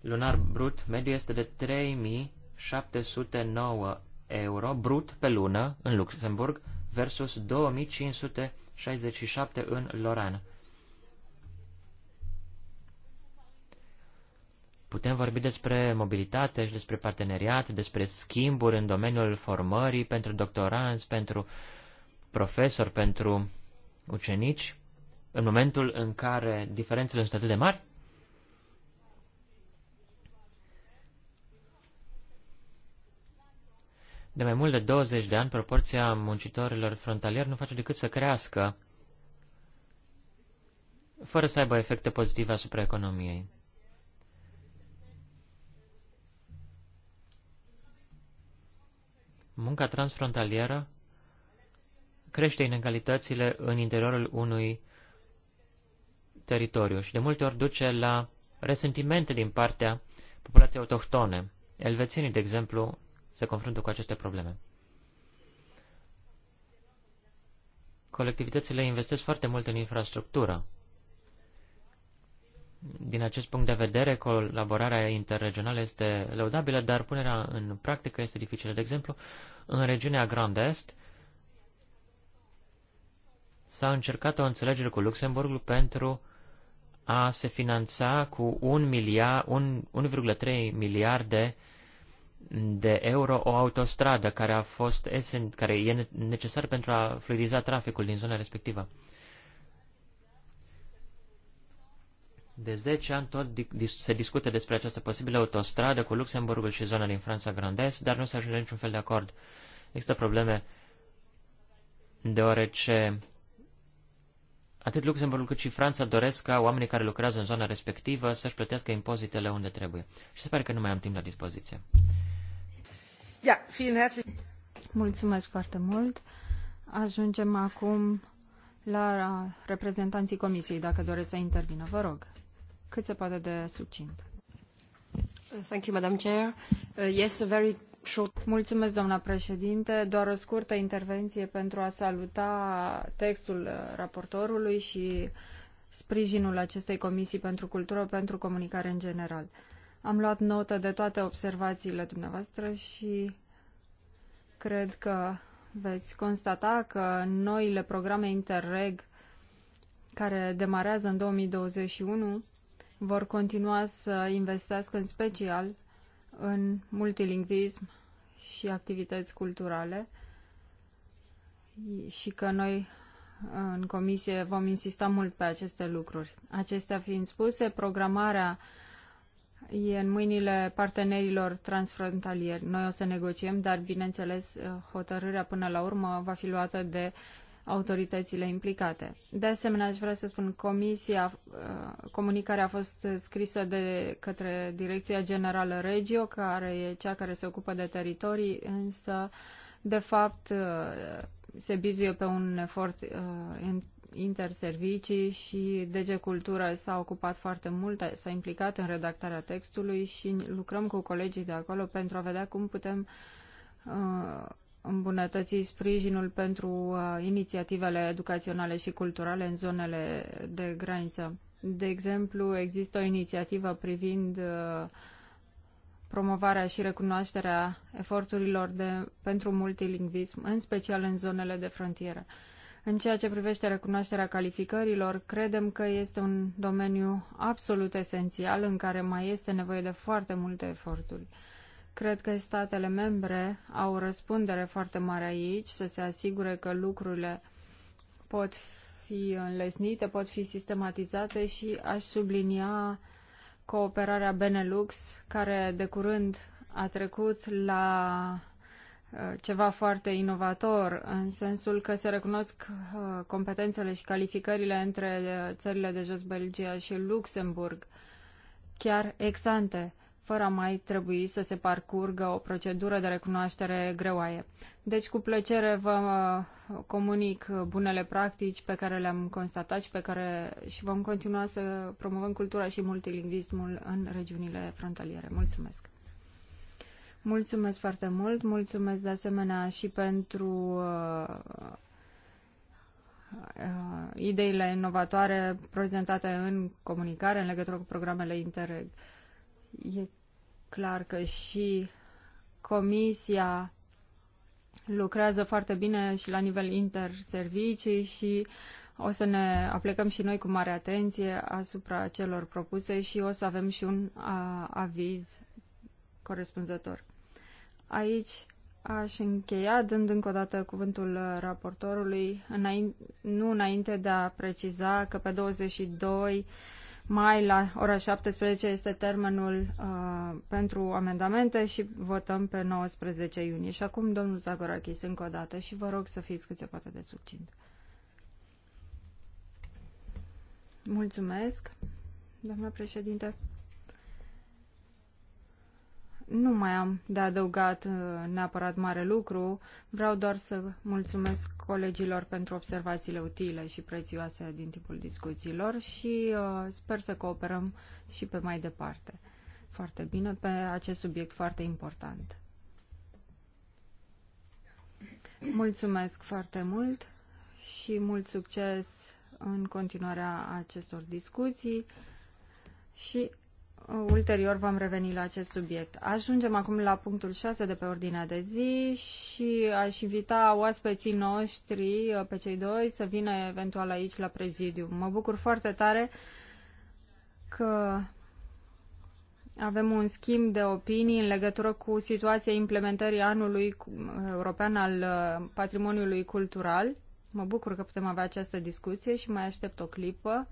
lunar brut mediu este de 3709 euro brut pe lună în Luxemburg versus 2567 în Loran. Putem vorbi despre mobilitate și despre parteneriat, despre schimburi în domeniul formării pentru doctoranți, pentru profesori, pentru ucenici, în momentul în care diferențele sunt atât de mari? De mai mult de 20 de ani, proporția muncitorilor frontalieri nu face decât să crească, fără să aibă efecte pozitive asupra economiei. Munca transfrontalieră crește inegalitățile în interiorul unui teritoriu și de multe ori duce la resentimente din partea populației autohtone. Elvețienii, de exemplu, se confruntă cu aceste probleme. Colectivitățile investesc foarte mult în infrastructură. Din acest punct de vedere, colaborarea interregională este lăudabilă, dar punerea în practică este dificilă. De exemplu, în regiunea Grand Est s-a încercat o înțelegere cu Luxemburg pentru a se finanța cu 1,3 miliarde de euro o autostradă care a fost esen, care e necesar pentru a fluidiza traficul din zona respectivă. De 10 ani tot se discută despre această posibilă autostradă cu Luxemburgul și zona din Franța Grandes, dar nu se ajunge niciun fel de acord. Există probleme deoarece atât Luxemburgul cât și Franța doresc ca oamenii care lucrează în zona respectivă să-și plătească impozitele unde trebuie. Și se pare că nu mai am timp la dispoziție. Mulțumesc foarte mult. Ajungem acum la reprezentanții comisiei, dacă doresc să intervină. Vă rog, cât se poate de succint. Thank you, Madam Chair. Uh, yes, a very short... Mulțumesc, doamna președinte. Doar o scurtă intervenție pentru a saluta textul uh, raportorului și sprijinul acestei comisii pentru cultură, pentru comunicare în general. Uh, am luat notă de toate observațiile dumneavoastră și cred că veți constata că noile programe Interreg care demarează în 2021 vor continua să investească în special în multilingvism și activități culturale și că noi în comisie vom insista mult pe aceste lucruri. Acestea fiind spuse, programarea e în mâinile partenerilor transfrontalieri. Noi o să negociem, dar, bineînțeles, uh, hotărârea până la urmă va fi luată de autoritățile implicate. De asemenea, aș vrea să spun, comisia, uh, comunicarea a fost scrisă de către Direcția Generală Regio, care e cea care se ocupă de teritorii, însă, de fapt, uh, se bizuie pe un efort interservicii și DG Cultură s-a ocupat foarte mult, s-a implicat în redactarea textului și lucrăm cu colegii de acolo pentru a vedea cum putem uh, îmbunătăți sprijinul pentru uh, inițiativele educaționale și culturale în zonele de graniță. De exemplu, există o inițiativă privind uh, promovarea și recunoașterea eforturilor de, pentru multilingvism, în special în zonele de frontieră. Uh, în ceea ce privește recunoașterea calificărilor, credem că este un domeniu absolut esențial în care mai este nevoie de foarte multe eforturi. Cred că statele membre au o răspundere foarte mare aici să se asigure că lucrurile pot fi înlesnite, pot fi sistematizate și aș sublinia cooperarea Benelux, care de curând a trecut la Uh, ceva foarte inovator, în sensul că se recunosc uh, competențele și calificările între uh, țările de jos, Belgia și Luxemburg, chiar exante, fără a mai trebui să se parcurgă o procedură de recunoaștere greoaie. Deci, cu plăcere vă comunic bunele practici pe care le-am constatat și pe care și vom continua să promovăm cultura și multilingvismul în regiunile frontaliere. Mulțumesc! Mulțumesc foarte mult, mulțumesc de asemenea și pentru uh, uh, ideile inovatoare prezentate în comunicare în legătură cu programele Interreg. E clar că și Comisia lucrează foarte bine și la nivel interservicii și o să ne aplicăm și noi cu mare atenție asupra celor propuse și o să avem și un uh, aviz corespunzător. Aici aș încheia dând încă o dată cuvântul uh, raportorului, înainte, nu înainte de a preciza că pe 22 mai la ora 17 este termenul uh, pentru amendamente și votăm pe 19 iunie. Și acum, domnul Zagorakis, încă o dată și vă rog să fiți cât se poate de succint. Mulțumesc, doamna președinte. Nu mai am de adăugat uh, neapărat mare lucru, vreau doar să mulțumesc colegilor pentru observațiile utile și prețioase din timpul discuțiilor și uh, sper să cooperăm și pe mai departe foarte bine pe acest subiect foarte important. Mulțumesc foarte mult și mult succes în continuarea acestor discuții și Ulterior vom reveni la acest subiect. Ajungem acum la punctul 6 de pe ordinea de zi și aș invita oaspeții noștri, uh, pe cei doi, să vină eventual aici la prezidiu. Mă bucur foarte tare că avem un schimb de opinii în legătură cu situația implementării anului uh, european al uh, patrimoniului cultural. Mă bucur că putem avea această discuție și mai aștept o clipă.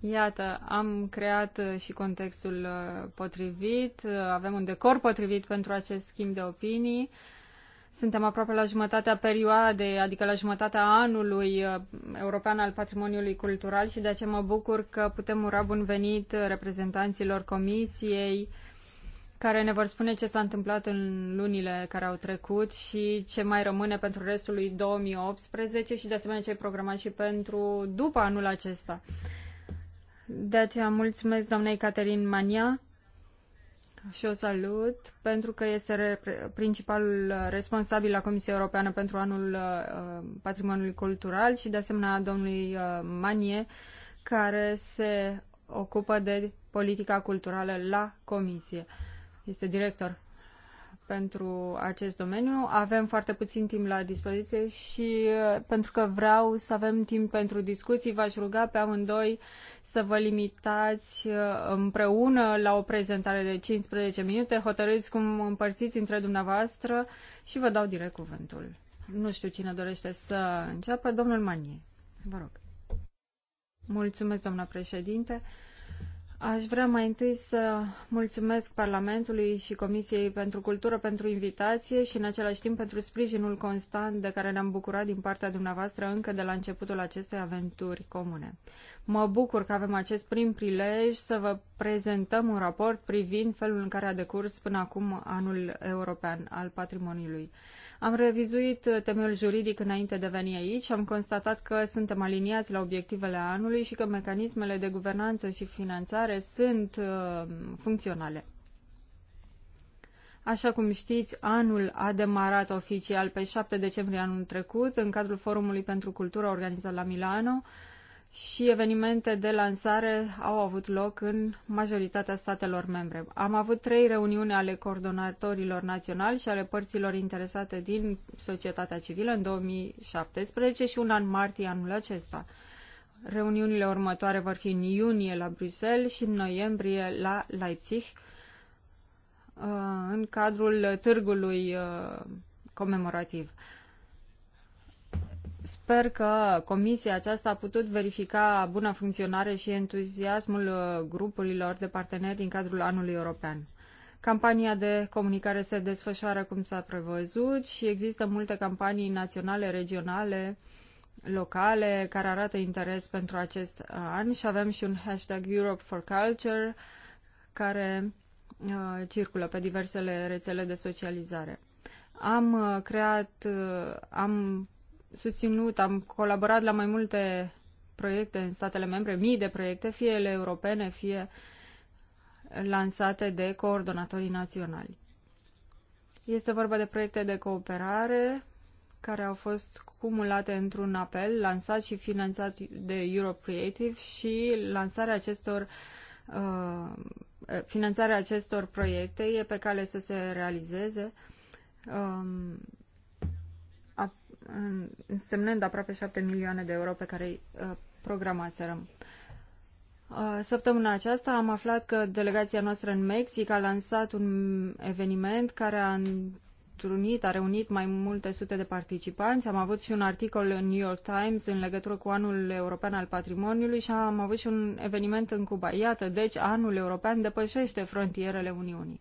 Iată, am creat uh, și contextul uh, potrivit, uh, avem un decor potrivit pentru acest schimb de opinii. Suntem aproape la jumătatea perioadei, adică la jumătatea anului european al patrimoniului cultural și de aceea mă bucur că putem ura bun venit reprezentanților comisiei care ne vor spune ce s-a întâmplat în lunile care au trecut și ce mai rămâne pentru restul lui 2018 și de asemenea ce ai programat și pentru după anul acesta. De aceea mulțumesc doamnei Caterin Mania și o salut pentru că este principalul responsabil la Comisia Europeană pentru anul uh, patrimoniului cultural și de asemenea domnului uh, Manie care se ocupă de politica culturală la Comisie. Este director pentru acest domeniu. Avem foarte puțin timp la dispoziție și uh, pentru că vreau să avem timp pentru discuții, v-aș ruga pe amândoi să vă limitați uh, împreună la o prezentare de 15 minute. Hotărâți cum împărțiți între dumneavoastră și vă dau direct cuvântul. Nu știu cine dorește să înceapă. Domnul Manie, vă rog. Mulțumesc, doamna președinte. Uh, Aș vrea mai întâi să mulțumesc Parlamentului și Comisiei pentru Cultură pentru invitație și în același timp pentru sprijinul constant de care ne-am bucurat din partea dumneavoastră încă de la începutul acestei aventuri comune. Mă bucur că avem acest prim prilej să vă prezentăm un raport privind felul în care a decurs până acum anul european al patrimoniului. Am revizuit uh, temeiul juridic înainte de a veni aici am constatat că suntem aliniați la obiectivele anului și că mecanismele de guvernanță și finanțare sunt uh, funcționale. Așa cum știți, anul a demarat oficial pe 7 decembrie anul trecut în cadrul Forumului pentru Cultură organizat la Milano, uh, și evenimente de lansare au avut loc în majoritatea statelor membre. Am avut trei reuniuni ale coordonatorilor naționali și ale părților interesate din societatea civilă în 2017 și una în martie anul acesta. Reuniunile următoare vor fi în iunie la Bruxelles și în noiembrie la Leipzig, uh, în cadrul târgului uh, comemorativ. Sper că comisia aceasta a putut verifica buna funcționare și entuziasmul uh, grupurilor de parteneri din cadrul anului european. Campania de comunicare se desfășoară cum s-a prevăzut și există multe campanii naționale, regionale, locale care arată interes pentru acest uh, an și avem și un hashtag Europe for Culture care uh, circulă pe diversele rețele de socializare. Am uh, creat, uh, am susținut, am colaborat la mai multe proiecte în statele membre, mii de proiecte, fie ele europene, fie lansate de coordonatorii naționali. Este vorba de proiecte de cooperare care au fost cumulate într-un apel lansat și finanțat de Europe Creative și lansarea acestor uh, finanțarea acestor proiecte e pe cale să se realizeze. Um, însemnând aproape 7 milioane de euro pe care îi uh, programaserăm. Uh, săptămâna aceasta am aflat că delegația noastră în Mexic a lansat un eveniment care a întrunit, a reunit mai multe sute de participanți. Am avut și un articol în New York Times în legătură cu anul european al patrimoniului și am avut și un eveniment în Cuba. Iată, deci anul european depășește frontierele Uniunii.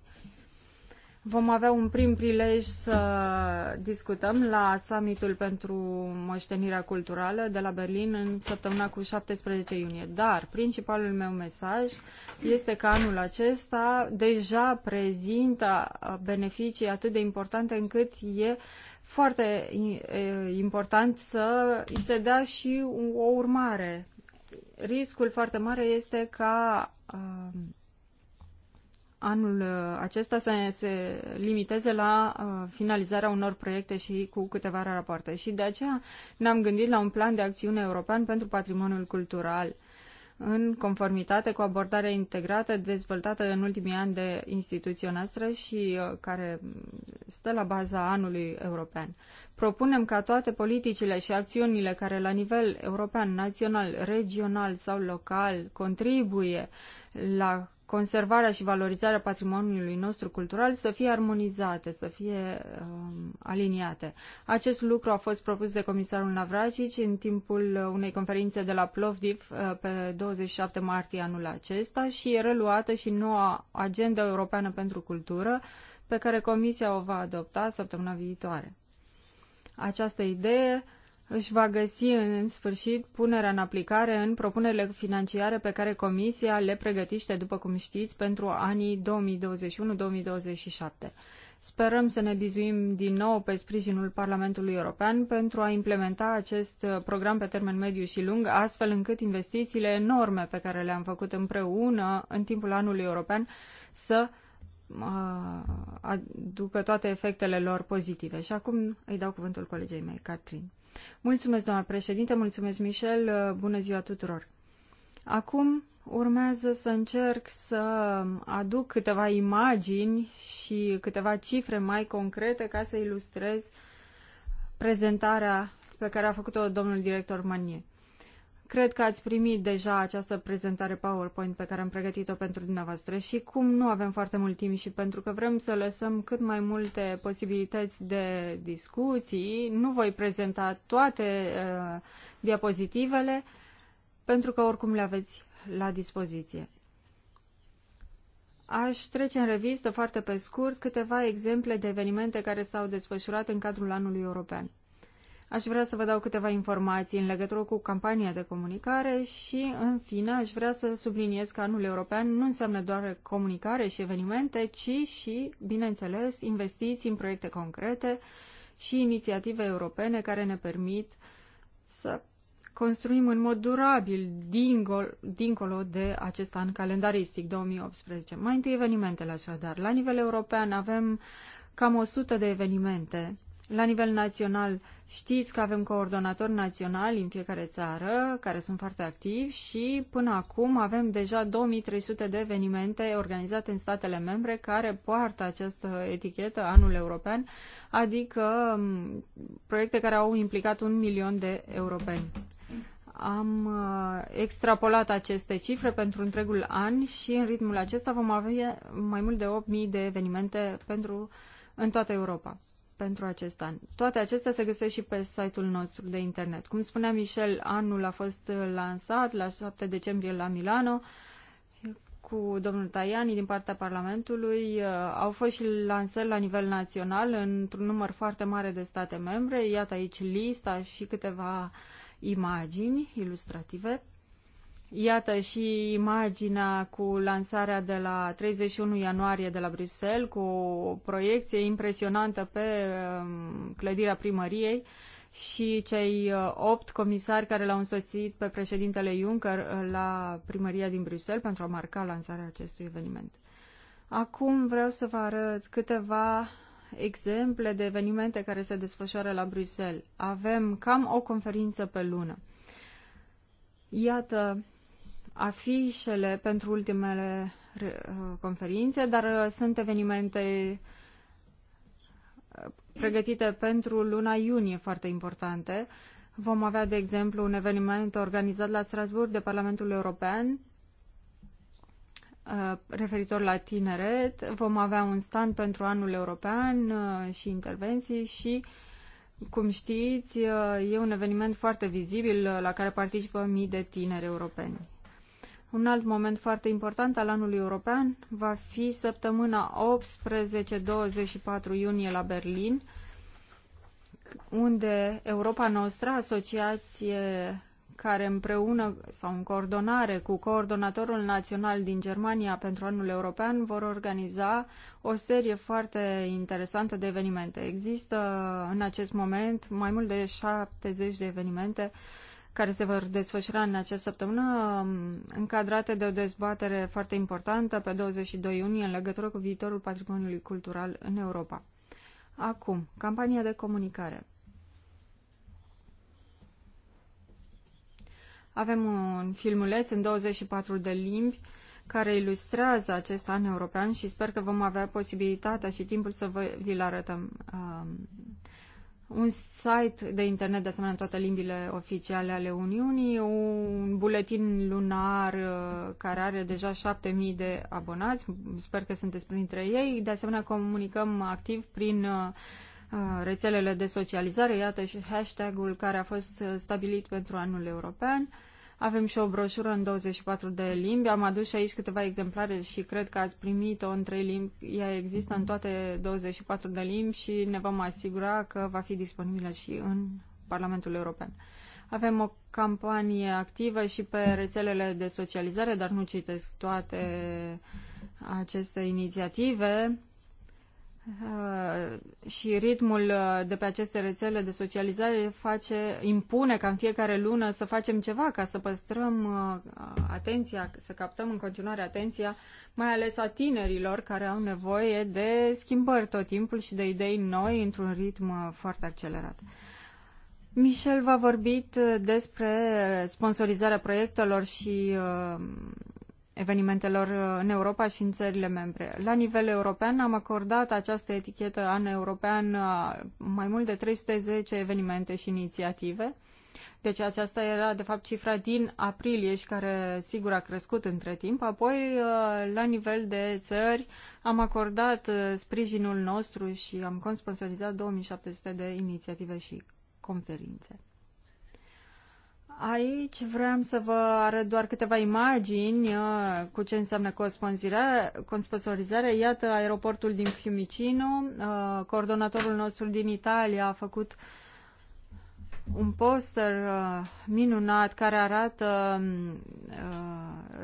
Vom avea un prim prilej să discutăm la summitul pentru moștenirea culturală de la Berlin în săptămâna cu 17 iunie. Dar principalul meu mesaj este că anul acesta deja prezintă beneficii atât de importante încât e foarte important să îi se dea și o urmare. Riscul foarte mare este ca uh, anul uh, acesta să se limiteze la uh, finalizarea unor proiecte și cu câteva rapoarte. Și de aceea ne-am gândit la un plan de acțiune european pentru patrimoniul cultural în conformitate cu abordarea integrată dezvoltată în ultimii ani de instituția noastră și uh, care stă la baza anului european. Propunem ca toate politicile și acțiunile care la nivel european, național, regional sau local contribuie la conservarea și valorizarea patrimoniului nostru cultural să fie armonizate, să fie um, aliniate. Acest lucru a fost propus de comisarul Navracici în timpul unei conferințe de la Plovdiv uh, pe 27 martie anul acesta și e reluată și noua agenda europeană pentru cultură pe care Comisia o va adopta săptămâna viitoare. Această idee uh, își va găsi în sfârșit punerea în aplicare în propunerile financiare pe care Comisia le pregătește, după cum știți, pentru anii 2021-2027. Sperăm să ne bizuim din nou pe sprijinul Parlamentului European pentru a implementa acest program pe termen mediu și lung, astfel încât investițiile enorme pe care le-am făcut împreună în timpul anului european să uh, aducă toate efectele lor pozitive. Și acum îi dau cuvântul colegei mei, Catrin. Mulțumesc, doamna președinte, mulțumesc, Michel, uh, bună ziua tuturor. Acum urmează să încerc să aduc câteva imagini și câteva cifre mai concrete ca să ilustrez prezentarea pe care a făcut-o domnul director Manie. Cred că ați primit deja această prezentare PowerPoint pe care am pregătit-o pentru dumneavoastră și cum nu avem foarte mult timp și pentru că vrem să lăsăm cât mai multe posibilități de discuții, nu voi prezenta toate uh, diapozitivele pentru că oricum le aveți la dispoziție. Aș trece în revistă foarte pe scurt câteva exemple de evenimente care s-au desfășurat în cadrul anului european. Aș vrea să vă dau câteva informații în legătură cu campania de comunicare și, în fine, aș vrea să subliniez că anul european nu înseamnă doar comunicare și evenimente, ci și, bineînțeles, investiții în proiecte concrete și inițiative europene care ne permit să construim în mod durabil dincolo de acest an calendaristic 2018. Mai întâi evenimentele așadar. La nivel european avem cam 100 de evenimente la nivel național știți că avem coordonatori naționali în fiecare țară care sunt foarte activi și până acum avem deja 2300 de evenimente organizate în statele membre care poartă această etichetă anul european, adică proiecte care au implicat un milion de europeni. Am uh, extrapolat aceste cifre pentru întregul an și în ritmul acesta vom avea mai mult de 8.000 de evenimente pentru în toată Europa pentru acest an. Toate acestea se găsesc și pe site-ul nostru de internet. Cum spunea Michel, anul a fost lansat la 7 decembrie la Milano cu domnul Tajani din partea Parlamentului. Uh, au fost și lansări la nivel național într-un număr foarte mare de state membre. Iată aici lista și câteva imagini ilustrative. Iată și imaginea cu lansarea de la 31 ianuarie de la Bruxelles, cu o proiecție impresionantă pe um, clădirea primăriei și cei uh, opt comisari care l-au însoțit pe președintele Juncker uh, la primăria din Bruxelles pentru a marca lansarea acestui eveniment. Acum vreau să vă arăt câteva exemple de evenimente care se desfășoară la Bruxelles. Avem cam o conferință pe lună. Iată afișele pentru ultimele uh, conferințe, dar uh, sunt evenimente uh, pregătite pentru luna iunie foarte importante. Vom avea, de exemplu, un eveniment organizat la Strasbourg de Parlamentul European referitor la tineret. Vom avea un stand pentru anul european și intervenții și, cum știți, e un eveniment foarte vizibil la care participă mii de tineri europeni. Un alt moment foarte important al anului european va fi săptămâna 18-24 iunie la Berlin, unde Europa Noastră, asociație care împreună sau în coordonare cu coordonatorul național din Germania pentru anul european vor organiza o serie foarte interesantă de evenimente. Există în acest moment mai mult de 70 de evenimente uh, care se vor desfășura în această săptămână, um, încadrate de o dezbatere foarte importantă pe 22 iunie în legătură cu viitorul patrimoniului cultural în Europa. Acum, campania de comunicare. Avem un filmuleț în 24 de limbi care ilustrează acest an european și sper că vom avea posibilitatea și timpul să vă, vi-l arătăm. Uh, un site de internet, de asemenea, în toate limbile oficiale ale Uniunii, un buletin lunar uh, care are deja 7000 de abonați, sper că sunteți printre ei, de asemenea comunicăm activ prin uh, uh, rețelele de socializare, iată și hashtag-ul care a fost stabilit pentru anul european avem și o broșură în 24 de limbi. Am adus și aici câteva exemplare și cred că ați primit-o în trei limbi. Ea există în toate 24 de limbi și ne vom asigura că va fi disponibilă și în Parlamentul European. Avem o campanie activă și pe rețelele de socializare, dar nu citesc toate aceste inițiative. Uh, și ritmul uh, de pe aceste rețele de socializare face, impune ca în fiecare lună să facem ceva ca să păstrăm uh, atenția, să captăm în continuare atenția, mai ales a tinerilor care au nevoie de schimbări tot timpul și de idei noi într-un ritm foarte accelerat. Michel v-a vorbit despre sponsorizarea proiectelor și evenimentelor uh, în Europa și în țările membre. La nivel european am acordat această etichetă an european uh, mai mult de 310 evenimente și inițiative. Deci aceasta era de fapt cifra din aprilie și care sigur a crescut între timp. Apoi uh, la nivel de țări am acordat sprijinul nostru și am consponsorizat 2700 de inițiative și conferințe. Aici vreau să vă arăt doar câteva imagini uh, cu ce înseamnă consponsorizare. Iată aeroportul din Fiumicino. Uh, coordonatorul nostru din Italia a făcut un poster uh, minunat care arată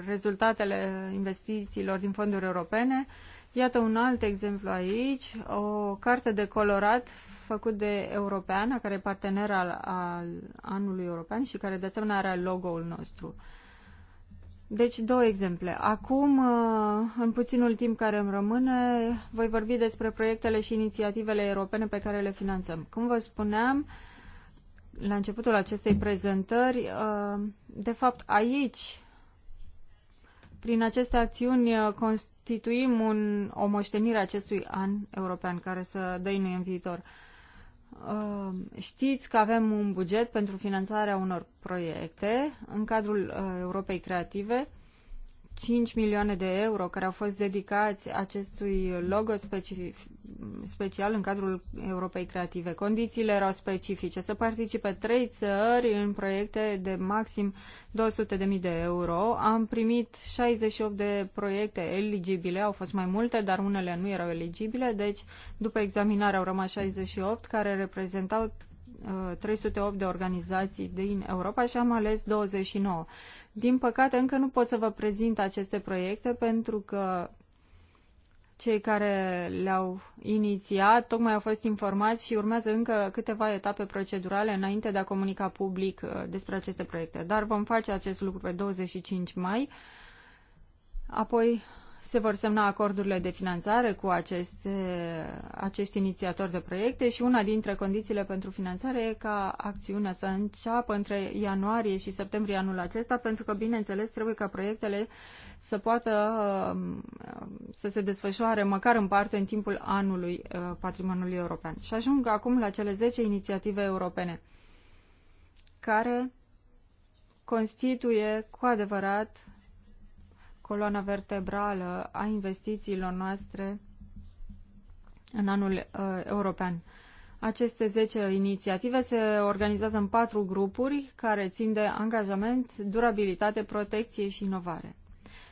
rezultatele investițiilor din fonduri europene. Iată un alt exemplu aici, o carte de colorat făcut de Europeana, care e partener al, al anului european și care de asemenea are logo-ul nostru. Deci, două exemple. Acum, uh, în puținul timp care îmi rămâne, voi vorbi despre proiectele și inițiativele europene pe care le finanțăm. Cum vă spuneam, la începutul acestei prezentări, uh, de fapt, aici, prin aceste acțiuni, uh, constituim un, o moștenire acestui an european care să dăinuie în viitor. Uh, știți că avem un buget pentru finanțarea unor proiecte în cadrul uh, Europei Creative 5 milioane de euro care au fost dedicați acestui logo specific, special în cadrul Europei Creative. Condițiile erau specifice. Să participe trei țări în proiecte de maxim 200.000 de euro. Am primit 68 de proiecte eligibile, au fost mai multe, dar unele nu erau eligibile, deci după examinare au rămas 68 care reprezentau 308 uh, de organizații din Europa și am ales 29. Din păcate, încă nu pot să vă prezint aceste proiecte pentru că cei care le-au inițiat tocmai au fost informați și urmează încă câteva etape procedurale înainte de a comunica public uh, despre aceste proiecte. Dar vom face acest lucru pe 25 mai. Apoi se vor semna acordurile de finanțare cu aceste, acest inițiatori de proiecte și una dintre condițiile pentru finanțare e ca acțiunea să înceapă între ianuarie și septembrie anul acesta, pentru că, bineînțeles, trebuie ca proiectele să poată um, să se desfășoare măcar în parte în timpul anului uh, patrimoniului european. Și ajung acum la cele 10 inițiative europene care constituie cu adevărat coloana vertebrală a investițiilor noastre în anul uh, european. Aceste 10 inițiative se organizează în patru grupuri care țin de angajament, durabilitate, protecție și inovare.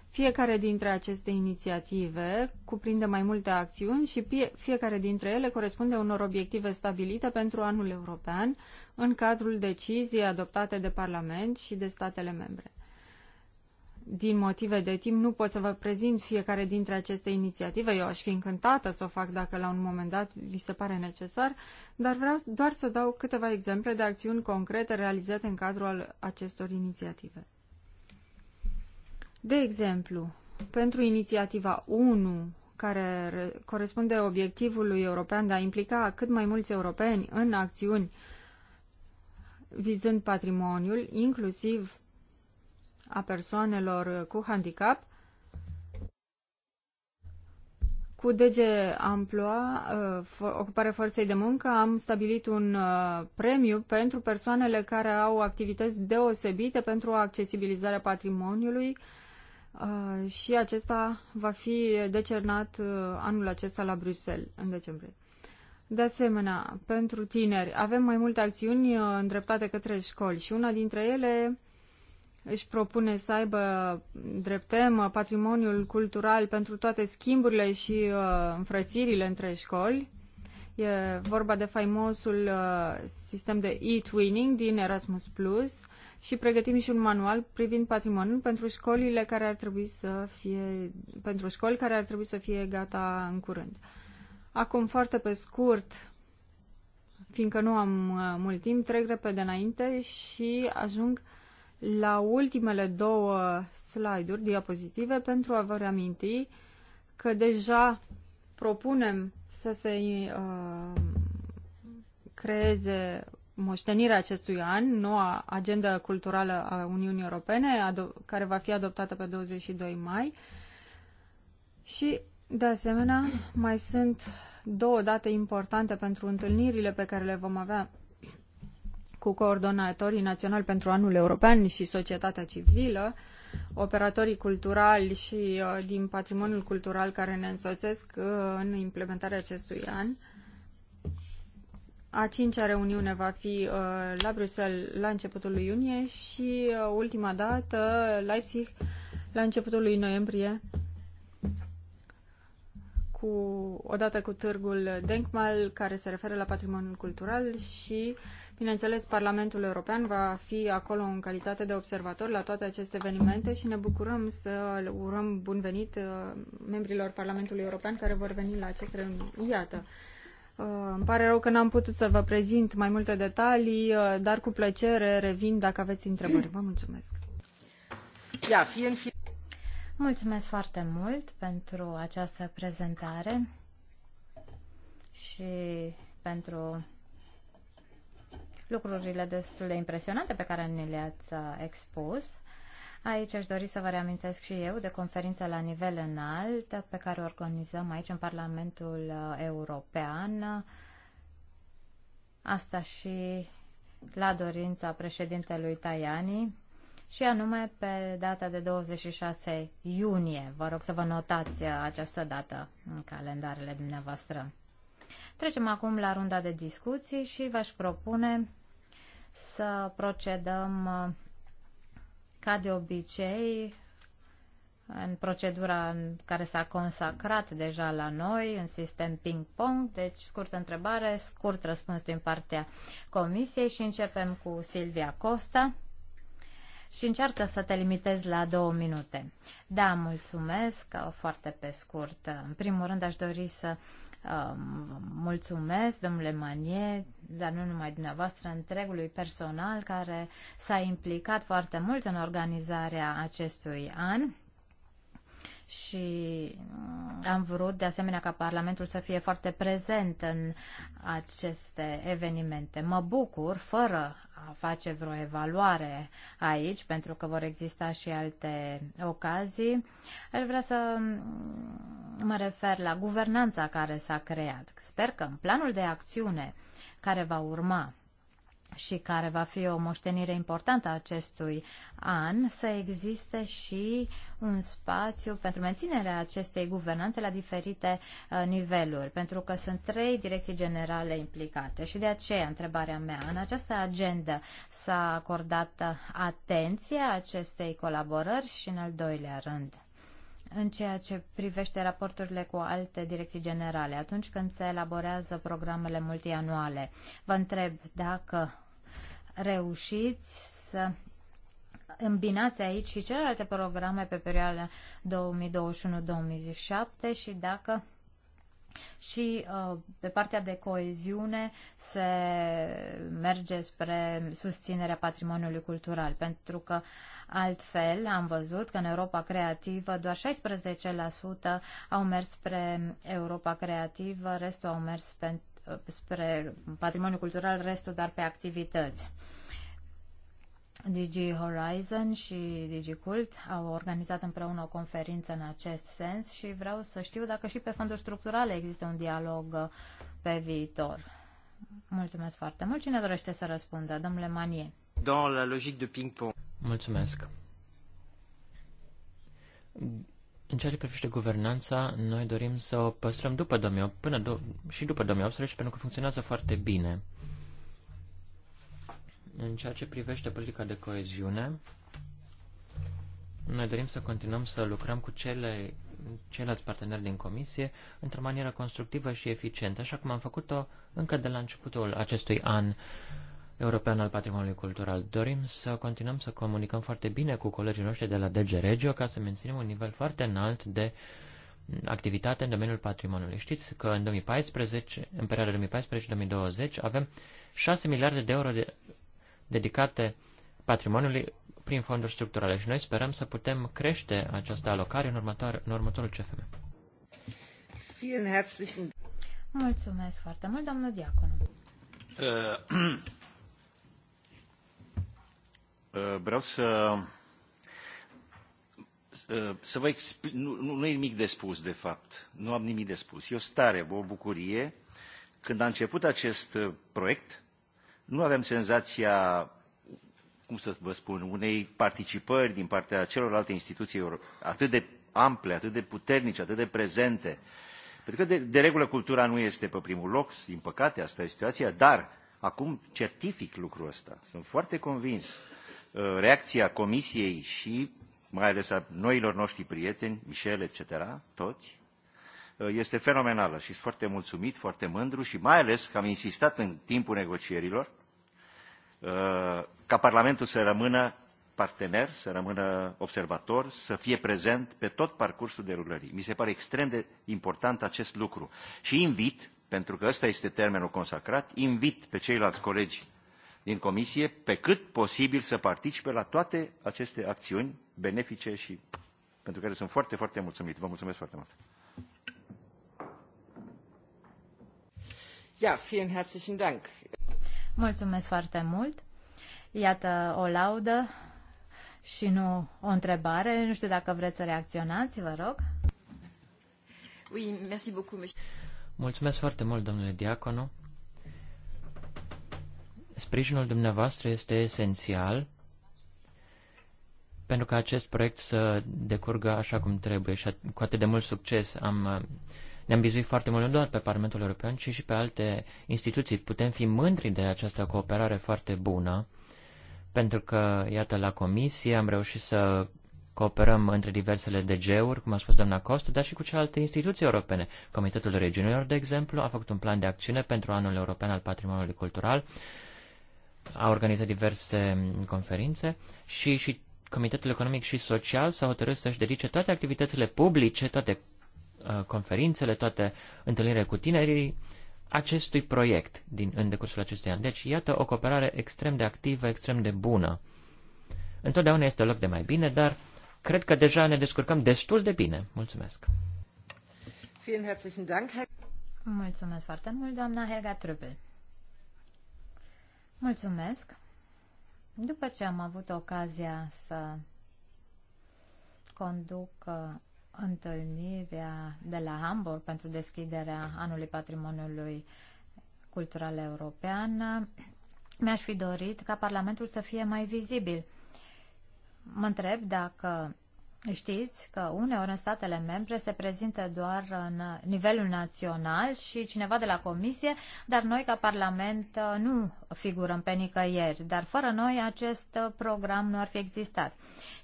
Fiecare dintre aceste inițiative cuprinde mai multe acțiuni și fiecare dintre ele corespunde unor obiective stabilite pentru anul european în cadrul deciziei adoptate de Parlament și de statele membre din motive de timp nu pot să vă prezint fiecare dintre aceste inițiative. Eu aș fi încântată să o fac dacă la un moment dat vi se pare necesar, dar vreau doar să dau câteva exemple de acțiuni concrete realizate în cadrul acestor inițiative. De exemplu, pentru inițiativa 1, care corespunde obiectivului european de a implica cât mai mulți europeni în acțiuni vizând patrimoniul, inclusiv a persoanelor cu handicap cu DG Amploa, uh, ocuparea forței de muncă, am stabilit un uh, premiu pentru persoanele care au activități deosebite pentru accesibilizarea patrimoniului uh, și acesta va fi decernat anul acesta la Bruxelles, în decembrie. De asemenea, pentru tineri avem mai multe acțiuni îndreptate către școli și una dintre ele își propune să aibă drept temă patrimoniul cultural pentru toate schimburile și uh, înfrățirile între școli. E vorba de faimosul uh, sistem de e-twinning din Erasmus Plus și pregătim și un manual privind patrimoniul pentru școlile care ar trebui să fie pentru școli care ar trebui să fie gata în curând. Acum foarte pe scurt, fiindcă nu am uh, mult timp, trec repede înainte și ajung la ultimele două slide-uri, diapozitive, pentru a vă reaminti că deja propunem să se uh, creeze moștenirea acestui an, noua agenda culturală a Uniunii Europene, care va fi adoptată pe 22 mai. Și, de asemenea, mai sunt două date importante pentru întâlnirile pe care le vom avea cu coordonatorii naționali pentru anul european și societatea civilă, operatorii culturali și uh, din patrimoniul cultural care ne însoțesc uh, în implementarea acestui an. A cincea reuniune va fi uh, la Bruxelles la începutul lui iunie și ultima dată Leipzig la începutul lui noiembrie cu, odată cu târgul Denkmal care se referă la patrimoniul cultural și uh, Bineînțeles, Parlamentul European va fi acolo în calitate de observator la toate aceste evenimente și ne bucurăm să urăm bun venit uh, membrilor Parlamentului European care vor veni la aceste reuniuni. Iată. Uh, îmi pare rău că n-am putut să vă prezint mai multe detalii, uh, dar cu plăcere revin dacă aveți întrebări. Vă mulțumesc! Mulțumesc foarte mult pentru această prezentare și pentru lucrurile destul de impresionante pe care ne le-ați uh, expus. Aici aș dori să vă reamintesc și eu de conferința la nivel înalt pe care o organizăm aici în Parlamentul uh, European. Asta și la dorința președintelui Tajani și anume pe data de 26 iunie. Vă rog să vă notați uh, această dată în calendarele dumneavoastră. Trecem acum la runda de discuții și v-aș propune să procedăm uh, ca de obicei în procedura în care s-a consacrat deja la noi, în sistem ping-pong, deci scurtă întrebare, scurt răspuns din partea comisiei și începem cu Silvia Costa și încearcă să te limitezi la două minute. Da, mulțumesc, foarte pe scurt. În primul rând aș dori să Um, mulțumesc, domnule Manie, dar nu numai dumneavoastră, întregului personal care s-a implicat foarte mult în organizarea acestui an și uh, am vrut de asemenea ca Parlamentul să fie foarte prezent în aceste evenimente. Mă bucur, fără a face vreo evaluare aici, pentru că vor exista și alte ocazii. Aș vrea să mă refer la guvernanța care s-a creat. Sper că în planul de acțiune care va urma și care va fi o moștenire importantă a acestui an, să existe și un spațiu pentru menținerea acestei guvernanțe la diferite uh, niveluri, pentru că sunt trei direcții generale implicate și de aceea întrebarea mea, în această agendă s-a acordat atenție acestei colaborări și în al doilea rând în ceea ce privește raporturile cu alte direcții generale, atunci când se elaborează programele multianuale. Vă întreb dacă reușiți să îmbinați aici și celelalte programe pe perioada 2021-2007 și dacă și uh, pe partea de coeziune se merge spre susținerea patrimoniului cultural, pentru că altfel am văzut că în Europa creativă doar 16% au mers spre Europa creativă, restul au mers pentru spre patrimoniu cultural, restul doar pe activități. Digi Horizon și Digi Cult au organizat împreună o conferință în acest sens și vreau să știu dacă și pe fonduri structurale există un dialog uh, pe viitor. Mulțumesc foarte mult. Cine dorește să răspundă? Domnule Manie. Dans la logic de ping-pong. Mulțumesc. În ceea ce privește guvernanța, noi dorim să o păstrăm după 2008, până do- și după 2018, pentru că funcționează foarte bine. În ceea ce privește politica de coeziune, noi dorim să continuăm să lucrăm cu cele, ceilalți parteneri din comisie într-o manieră constructivă și eficientă, așa cum am făcut-o încă de la începutul acestui an. Uh, European al Patrimoniului Cultural. Dorim să continuăm să comunicăm foarte bine cu colegii noștri de la DG Regio ca să menținem un nivel foarte înalt de activitate în domeniul patrimoniului. Știți că în 2014, în perioada 2014-2020, avem 6 miliarde de euro de, dedicate patrimoniului prin fonduri structurale și noi sperăm să putem crește această alocare în, următoare, în următorul CFM. Mulțumesc foarte mult, doamnă Diaconu. Eh, Eh, vreau să, să vă explic, nu, nu e nimic de spus, de fapt. Nu am nimic de spus. E o stare, o bucurie. Când a început acest eh, proiect, nu aveam senzația, cum să vă spun, unei participări din partea celorlalte instituții atât de ample, atât de puternice, atât de prezente. Pentru că, de, de regulă, cultura nu este pe primul loc, din păcate, asta e situația, dar acum certific lucrul ăsta. Sunt foarte convins Uh, reacția Comisiei și mai ales a noilor noștri prieteni, Michel, etc., toți, uh, este fenomenală și sunt foarte mulțumit, foarte mândru și mai ales că am insistat în timpul negocierilor uh, ca Parlamentul să rămână partener, să rămână observator, să fie prezent pe tot parcursul derulării. Mi se pare extrem de important acest lucru. Și invit, pentru că ăsta este termenul consacrat, invit pe ceilalți colegi din Comisie pe cât posibil să participe la toate aceste acțiuni benefice și pentru care sunt foarte, foarte mulțumit. Vă mulțumesc foarte mult! Ja, vielen herzlichen Dank. Mulțumesc foarte mult. Iată o laudă și nu o întrebare. Nu știu dacă vreți să reacționați, vă rog. Oui, merci beaucoup, Mulțumesc foarte mult, domnule Diaconu. Sprijinul dumneavoastră este esențial pentru ca acest proiect să decurgă așa cum trebuie și cu atât de mult succes am, ne-am bizuit foarte mult nu doar pe Parlamentul European, ci și pe alte instituții. Putem fi mândri de această cooperare foarte bună, pentru că, iată, la comisie am reușit să cooperăm între diversele DG-uri, cum a spus doamna Costă, dar și cu celelalte instituții europene. Comitetul Regiunilor, de exemplu, a făcut un plan de acțiune pentru anul european al patrimoniului cultural, a organizat diverse conferințe și, și Comitetul Economic și Social s-a hotărât să-și dedice toate activitățile publice, toate uh, conferințele, toate întâlnirile cu tinerii acestui proiect din, în decursul acestui an. Deci, iată o cooperare extrem de activă, extrem de bună. Întotdeauna este loc de mai bine, dar cred că deja ne descurcăm destul de bine. Mulțumesc! Mulțumesc foarte mult, doamna Helga Trüppel. Mulțumesc! După ce am avut ocazia să conduc uh, întâlnirea de la Hamburg pentru deschiderea anului patrimoniului cultural european, uh, mi-aș fi dorit ca Parlamentul să fie mai vizibil. Mă întreb dacă Știți că uneori în statele membre se prezintă doar în nivelul național și cineva de la comisie, dar noi ca Parlament uh, nu figurăm pe nicăieri, dar fără noi acest uh, program nu ar fi existat.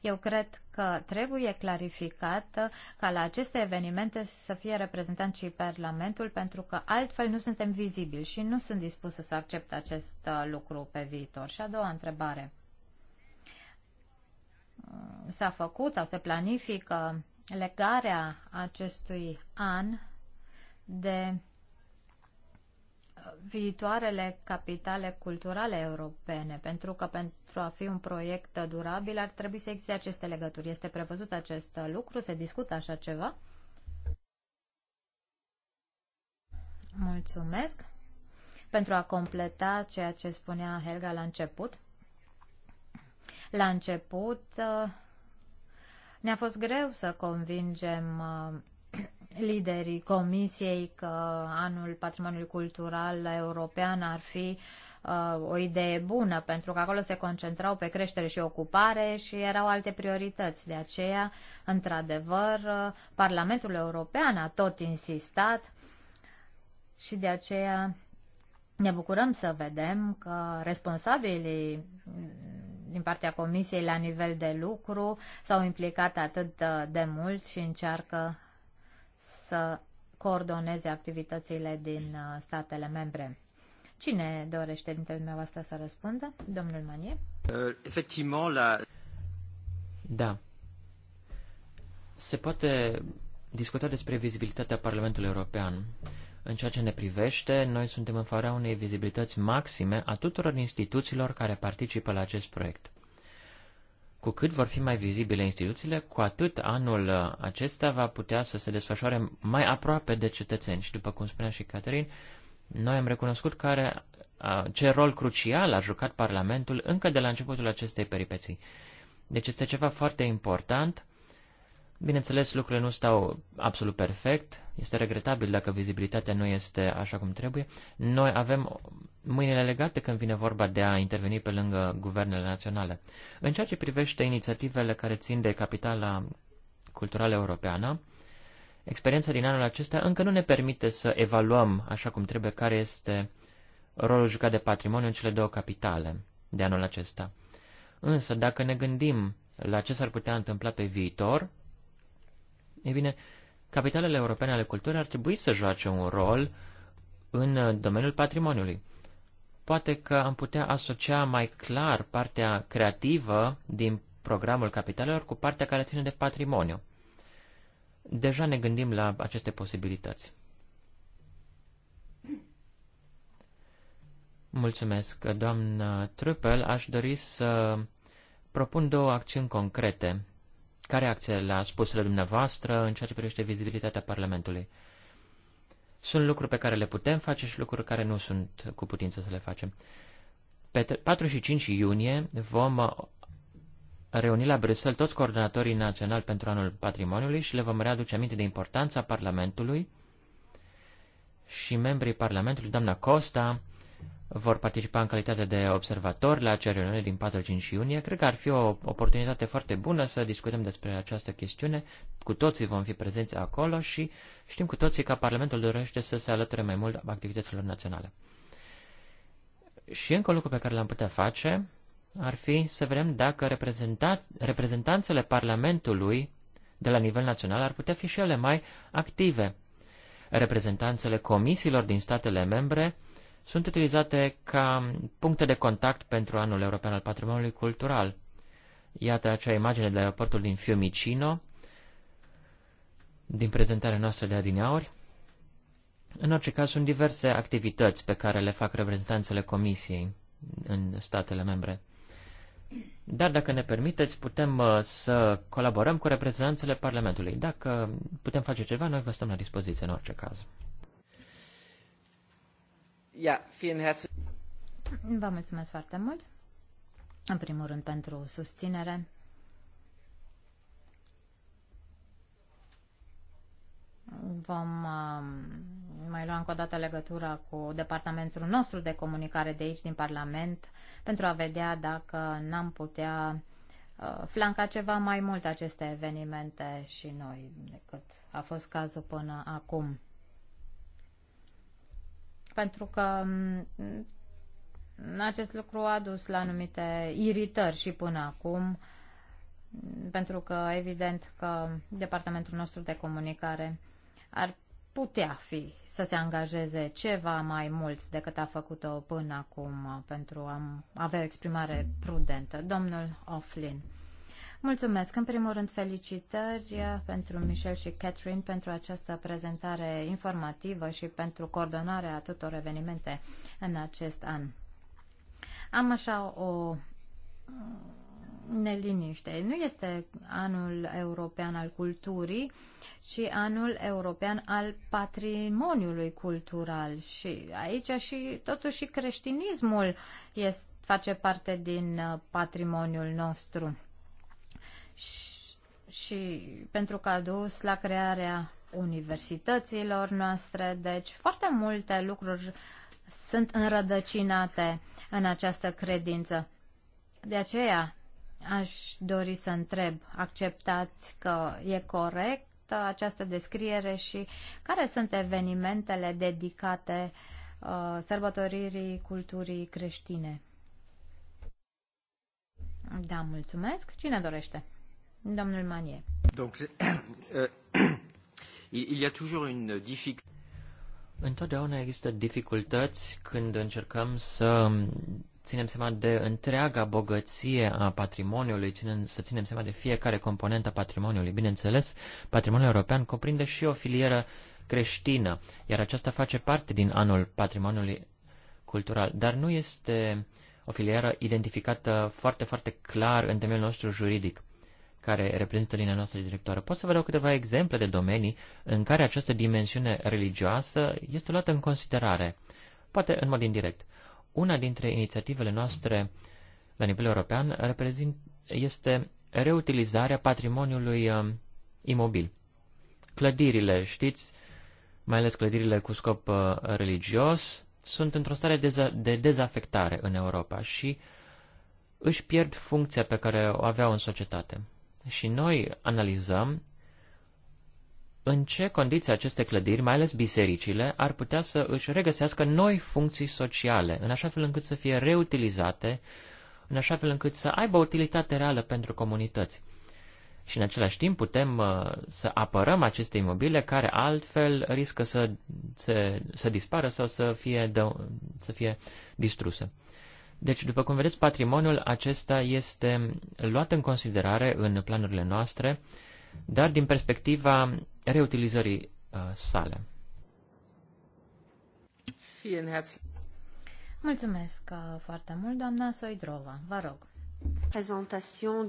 Eu cred că trebuie clarificat uh, ca la aceste evenimente să fie reprezentant și Parlamentul, pentru că altfel nu suntem vizibili și nu sunt dispusă să accept acest lucru pe viitor. Și a doua întrebare s-a făcut sau se planifică legarea acestui an de uh, viitoarele capitale culturale europene, pentru că pentru a fi un proiect durabil ar trebui să existe aceste legături. Este prevăzut acest lucru? Se discută așa ceva? Mulțumesc pentru a completa ceea ce spunea Helga la început. La început uh, ne-a fost greu să convingem uh, liderii Comisiei că anul patrimoniului cultural european ar fi uh, o idee bună, pentru că acolo se concentrau pe creștere și ocupare și erau alte priorități. De aceea, într-adevăr, Parlamentul European a tot insistat și de aceea ne bucurăm să vedem că responsabilii din partea Comisiei la nivel de lucru s-au implicat atât de mult și încearcă să coordoneze activitățile din uh, statele membre. Cine dorește dintre dumneavoastră să răspundă? Domnul Manie? Uh, Efectivement, la... Da. Se poate discuta despre vizibilitatea Parlamentului European. În ceea ce ne privește, noi suntem în fața unei vizibilități maxime a tuturor instituțiilor care participă la acest proiect. Cu cât vor fi mai vizibile instituțiile, cu atât anul acesta va putea să se desfășoare mai aproape de cetățeni. Și după cum spunea și Caterin, noi am recunoscut care, ce rol crucial a jucat Parlamentul încă de la începutul acestei peripeții. Deci este ceva foarte important Bineînțeles, lucrurile nu stau absolut perfect. Este regretabil dacă vizibilitatea nu este așa cum trebuie. Noi avem mâinile legate când vine vorba de a interveni pe lângă guvernele naționale. În ceea ce privește inițiativele care țin de capitala culturală europeană, experiența din anul acesta încă nu ne permite să evaluăm așa cum trebuie care este rolul jucat de patrimoniu în cele două capitale de anul acesta. Însă, dacă ne gândim la ce s-ar putea întâmpla pe viitor, ei bine, capitalele europene ale culturii ar trebui să joace un rol în uh, domeniul patrimoniului. Poate că am putea asocia mai clar partea creativă din programul capitalelor cu partea care ține de patrimoniu. Deja ne gândim la aceste posibilități. Mulțumesc, doamnă Trupel. Aș dori să propun două acțiuni concrete care spus la dumneavoastră în ceea ce privește vizibilitatea Parlamentului? Sunt lucruri pe care le putem face și lucruri care nu sunt cu putință să le facem. Pe 4 și 5 iunie vom uh, reuni la Bruxelles toți coordonatorii naționali pentru anul patrimoniului și le vom readuce aminte de importanța Parlamentului și membrii Parlamentului, doamna Costa, vor participa în calitate de observatori la acea reuniune din 4-5 iunie. Cred că ar fi o oportunitate foarte bună să discutăm despre această chestiune. Cu toții vom fi prezenți acolo și știm cu toții că Parlamentul dorește să se alăture mai mult activităților naționale. Și încă un lucru pe care l-am putea face ar fi să vedem dacă reprezentanțele Parlamentului de la nivel național ar putea fi și ele mai active. Reprezentanțele comisiilor din statele membre sunt utilizate ca puncte de contact pentru anul european al patrimoniului cultural. Iată acea imagine de aeroportul din Fiumicino, din prezentarea noastră de adineauri. În orice caz, sunt diverse activități pe care le fac reprezentanțele Comisiei în statele membre. Dar dacă ne permiteți, putem uh, să colaborăm cu reprezentanțele Parlamentului. Dacă putem face ceva, noi vă stăm la dispoziție în orice caz. Vă mulțumesc foarte mult, în primul rând, pentru susținere. Vom um, mai lua încă o dată legătura cu departamentul nostru de comunicare de aici, din Parlament, pentru a vedea dacă n-am putea uh, flanca ceva mai mult aceste evenimente și noi decât a fost cazul până acum pentru că mm, acest lucru a dus la anumite iritări și până acum, pentru că evident că departamentul nostru de comunicare ar putea fi să se angajeze ceva mai mult decât a făcut-o până acum pentru a avea o exprimare prudentă. Domnul Oflin. Mulțumesc. În primul rând, felicitări uh, pentru Michel și Catherine pentru această prezentare informativă și pentru coordonarea atâtor evenimente în acest an. Am așa o neliniște. Nu este anul european al culturii, ci anul european al patrimoniului cultural. Și aici și totuși și creștinismul este, face parte din uh, patrimoniul nostru și, pentru că a dus la crearea universităților noastre. Deci foarte multe lucruri sunt înrădăcinate în această credință. De aceea aș dori să întreb, acceptați că e corect această descriere și care sunt evenimentele dedicate uh, sărbătoririi culturii creștine? Da, mulțumesc. Cine dorește? il y a toujours une Întotdeauna există dificultăți când încercăm să ținem seama de întreaga bogăție a patrimoniului, ținem, să ținem seama de fiecare componentă a patrimoniului. Bineînțeles, patrimoniul european cuprinde și o filieră creștină, iar aceasta face parte din anul patrimoniului cultural, dar nu este o filieră identificată foarte, foarte clar în temelul nostru juridic care reprezintă linia noastră directoare. Pot să vă dau câteva exemple de domenii în care această dimensiune religioasă este luată în considerare, poate în mod indirect. Una dintre inițiativele noastre la nivel european reprezint, este reutilizarea patrimoniului um, imobil. Clădirile, știți, mai ales clădirile cu scop uh, religios, sunt într-o stare de dezafectare în Europa și își pierd funcția pe care o aveau în societate și noi analizăm în ce condiții aceste clădiri, mai ales bisericile, ar putea să își regăsească noi funcții sociale, în așa fel încât să fie reutilizate, în așa fel încât să aibă utilitate reală pentru comunități. Și în același timp putem uh, să apărăm aceste imobile care altfel riscă să, să, să dispară sau să fie, dă, să fie distruse. Deci, după cum vedeți, patrimoniul acesta este luat în considerare în planurile noastre, dar din perspectiva reutilizării uh, sale. Mulțumesc uh, foarte mult, doamna Soidrova. Vă rog.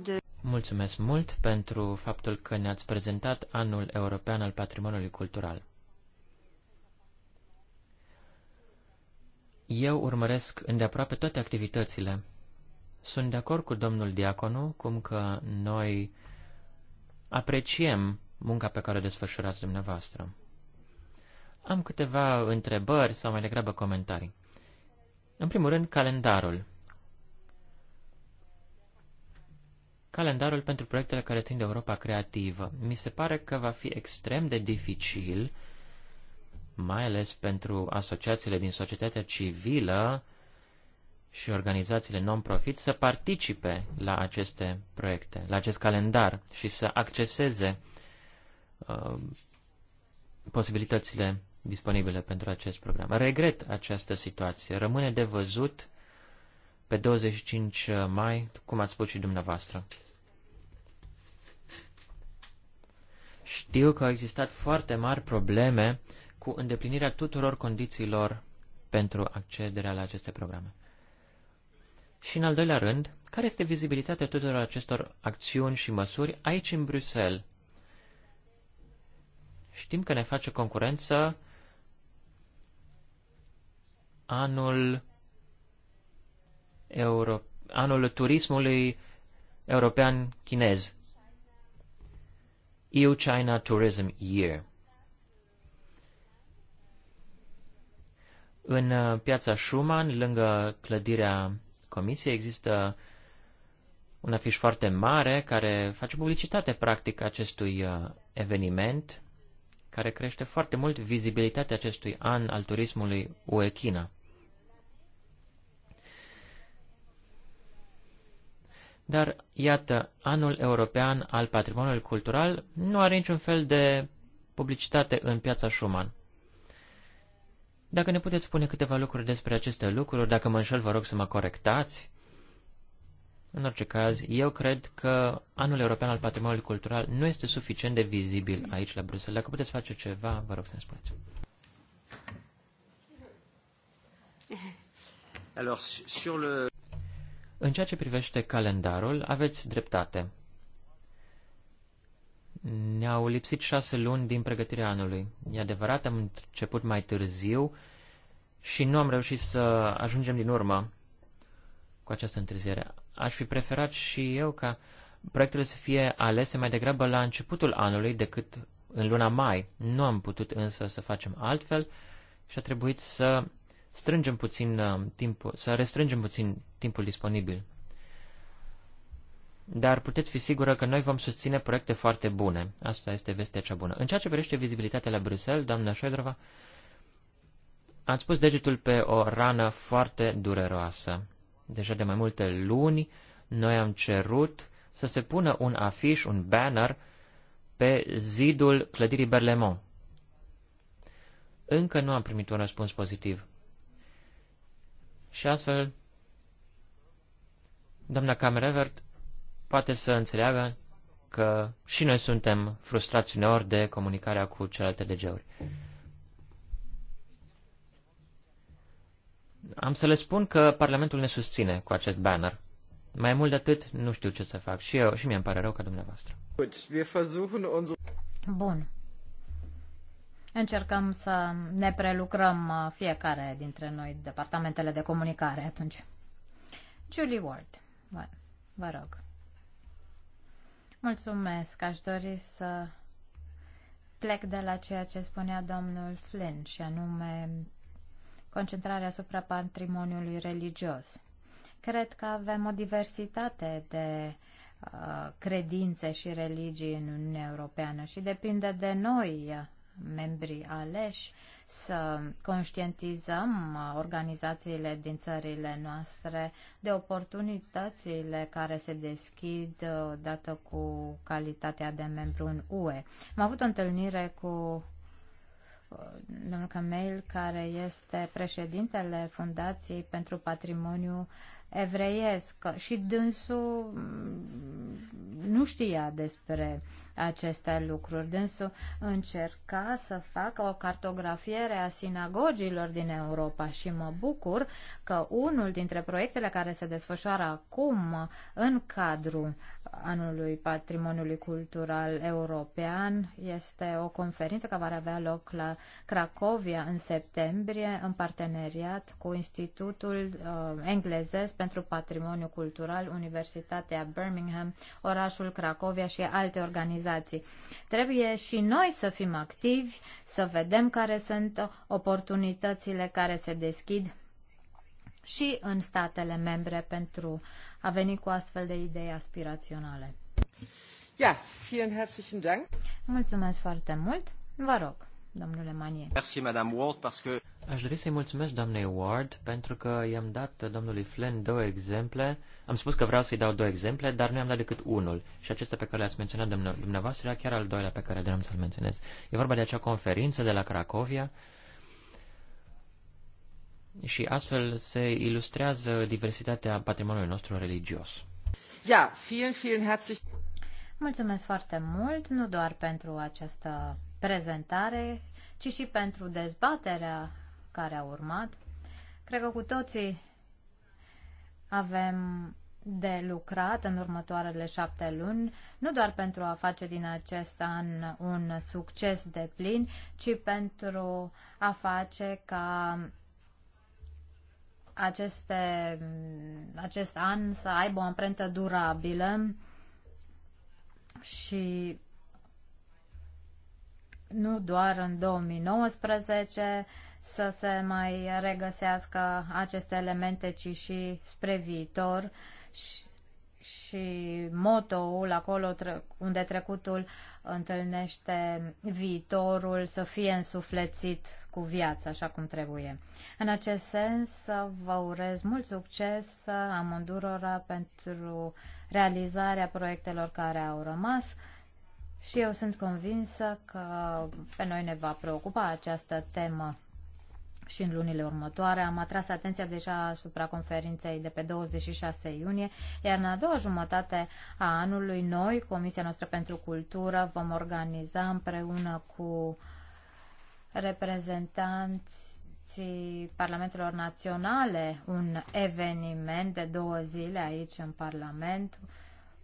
De... Mulțumesc mult pentru faptul că ne-ați prezentat anul european al patrimoniului cultural. Eu urmăresc îndeaproape toate activitățile. Sunt de acord cu domnul Diaconu cum că noi apreciem munca pe care o desfășurați dumneavoastră. Am câteva întrebări sau mai degrabă comentarii. În primul rând, calendarul. Calendarul pentru proiectele care țin de Europa creativă. Mi se pare că va fi extrem de dificil mai ales pentru asociațiile din societatea civilă și organizațiile non-profit să participe la aceste proiecte, la acest calendar și să acceseze uh, posibilitățile disponibile pentru acest program. Regret această situație. Rămâne de văzut pe 25 mai, cum ați spus și dumneavoastră. Știu că au existat foarte mari probleme cu îndeplinirea tuturor condițiilor pentru accederea la aceste programe. Și în al doilea rând, care este vizibilitatea tuturor acestor acțiuni și măsuri aici în Bruxelles? Știm că ne face concurență anul, Euro, anul turismului european chinez. EU China Tourism Year. În uh, piața Schumann, lângă clădirea comisiei, există un afiș foarte mare care face publicitate practic acestui uh, eveniment, care crește foarte mult vizibilitatea acestui an al turismului UE China. Dar, iată, anul european al patrimoniului cultural nu are niciun fel de publicitate în piața Schumann. Dacă ne puteți spune câteva lucruri despre aceste lucruri, dacă mă înșel, vă rog să mă corectați. În orice caz, eu cred că anul european al patrimoniului cultural nu este suficient de vizibil aici la Bruxelles. Dacă puteți face ceva, vă rog să ne spuneți. Alors, sur le... În ceea ce privește calendarul, aveți dreptate. Ne-au lipsit șase luni din pregătirea anului. E adevărat, am început mai târziu și nu am reușit să ajungem din urmă cu această întârziere. Aș fi preferat și eu ca proiectele să fie alese mai degrabă la începutul anului decât în luna mai. Nu am putut însă să facem altfel și a trebuit să strângem puțin uh, timpul, să restrângem puțin timpul disponibil dar puteți fi sigură că noi vom susține proiecte foarte bune. Asta este vestea cea bună. În ceea ce privește vizibilitatea la Bruxelles, doamna Ședrova, ați pus degetul pe o rană foarte dureroasă. Deja de mai multe luni, noi am cerut să se pună un afiș, un banner, pe zidul clădirii Berlemont. Încă nu am primit un răspuns pozitiv. Și astfel, doamna Camerevert poate să înțeleagă că și noi suntem frustrați uneori de comunicarea cu celelalte DG-uri. Am să le spun că Parlamentul ne susține cu acest banner. Mai mult de atât, nu știu ce să fac. Și eu, și mie îmi pare rău ca dumneavoastră. Bun. Încercăm să ne prelucrăm uh, fiecare dintre noi departamentele de comunicare atunci. Julie Ward, vă, vă rog. Mulțumesc. Aș dori să plec de la ceea ce spunea domnul Flynn și anume concentrarea asupra patrimoniului religios. Cred că avem o diversitate de uh, credințe și religii în Uniunea Europeană și depinde de noi uh, membrii aleși, să conștientizăm organizațiile din țările noastre de oportunitățile care se deschid uh, dată cu calitatea de membru în UE. Am avut o întâlnire cu uh, domnul Camel, care este președintele Fundației pentru Patrimoniu Evreiesc și dânsul mm, nu știa despre uh, aceste lucruri. Dânsul încerca să facă o cartografiere a sinagogilor din Europa și mă bucur că unul dintre proiectele care se desfășoară acum în cadrul anului patrimoniului cultural european este o conferință care va avea loc la Cracovia în septembrie în parteneriat cu Institutul uh, Englezesc pentru Patrimoniu Cultural, Universitatea Birmingham, orașul Cracovia și alte organizații organizații. Trebuie și noi să fim activi, să vedem care sunt oportunitățile care se deschid și în statele membre pentru a veni cu astfel de idei aspiraționale. Ja, vielen herzlichen Dank. Mulțumesc foarte mult. Vă rog, domnule Manie. Merci, Madame Ward, parce que... Aș dori să-i mulțumesc doamnei Ward pentru că i-am dat domnului Flynn două exemple am spus că vreau să-i dau două exemple, dar nu am dat decât unul. Și acesta pe care l-ați menționat dumneavoastră era chiar al doilea pe care doream să-l menționez. E vorba de acea conferință de la Cracovia și astfel se ilustrează diversitatea patrimoniului nostru religios. Ja, vielen, vielen herzlich. Mulțumesc foarte mult, nu doar pentru această prezentare, ci și pentru dezbaterea care a urmat. Cred că cu toții avem de lucrat în următoarele șapte luni, nu doar pentru a face din acest an un succes de plin, ci pentru a face ca aceste, acest an să aibă o amprentă durabilă și nu doar în 2019, să se mai regăsească aceste elemente, ci și spre viitor și, și motoul acolo unde trecutul întâlnește viitorul să fie însuflețit cu viața așa cum trebuie. În acest sens vă urez mult succes amândurora pentru realizarea proiectelor care au rămas și eu sunt convinsă că pe noi ne va preocupa această temă și în lunile următoare. Am atras atenția deja asupra conferinței de pe 26 iunie, iar în a doua jumătate a anului noi, Comisia noastră pentru Cultură, vom organiza împreună cu reprezentanți Parlamentelor Naționale un eveniment de două zile aici în Parlament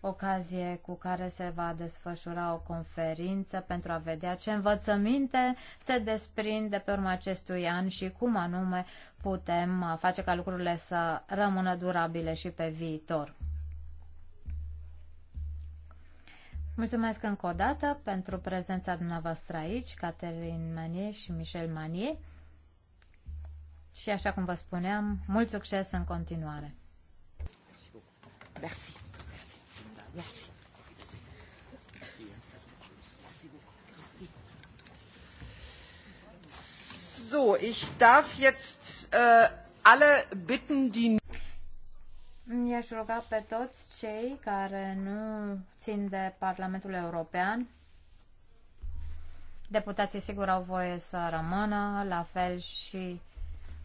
ocazie cu care se va desfășura o conferință pentru a vedea ce învățăminte se desprind de pe urma acestui an și cum anume putem face ca lucrurile să rămână durabile și pe viitor. Mulțumesc încă o dată pentru prezența dumneavoastră aici, Caterin Manie și Michel Manie. Și așa cum vă spuneam, mult succes în continuare. Merci. Merci. So, ich darf jetzt äh, alle bitten, die mi-aș ruga pe toți cei care nu țin de Parlamentul European, deputații sigur au voie să rămână, la fel și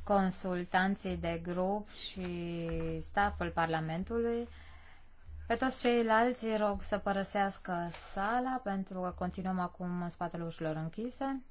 consultanții de grup și staful Parlamentului, pe toți ceilalți rog să părăsească sala pentru că continuăm acum în spatele ușilor închise.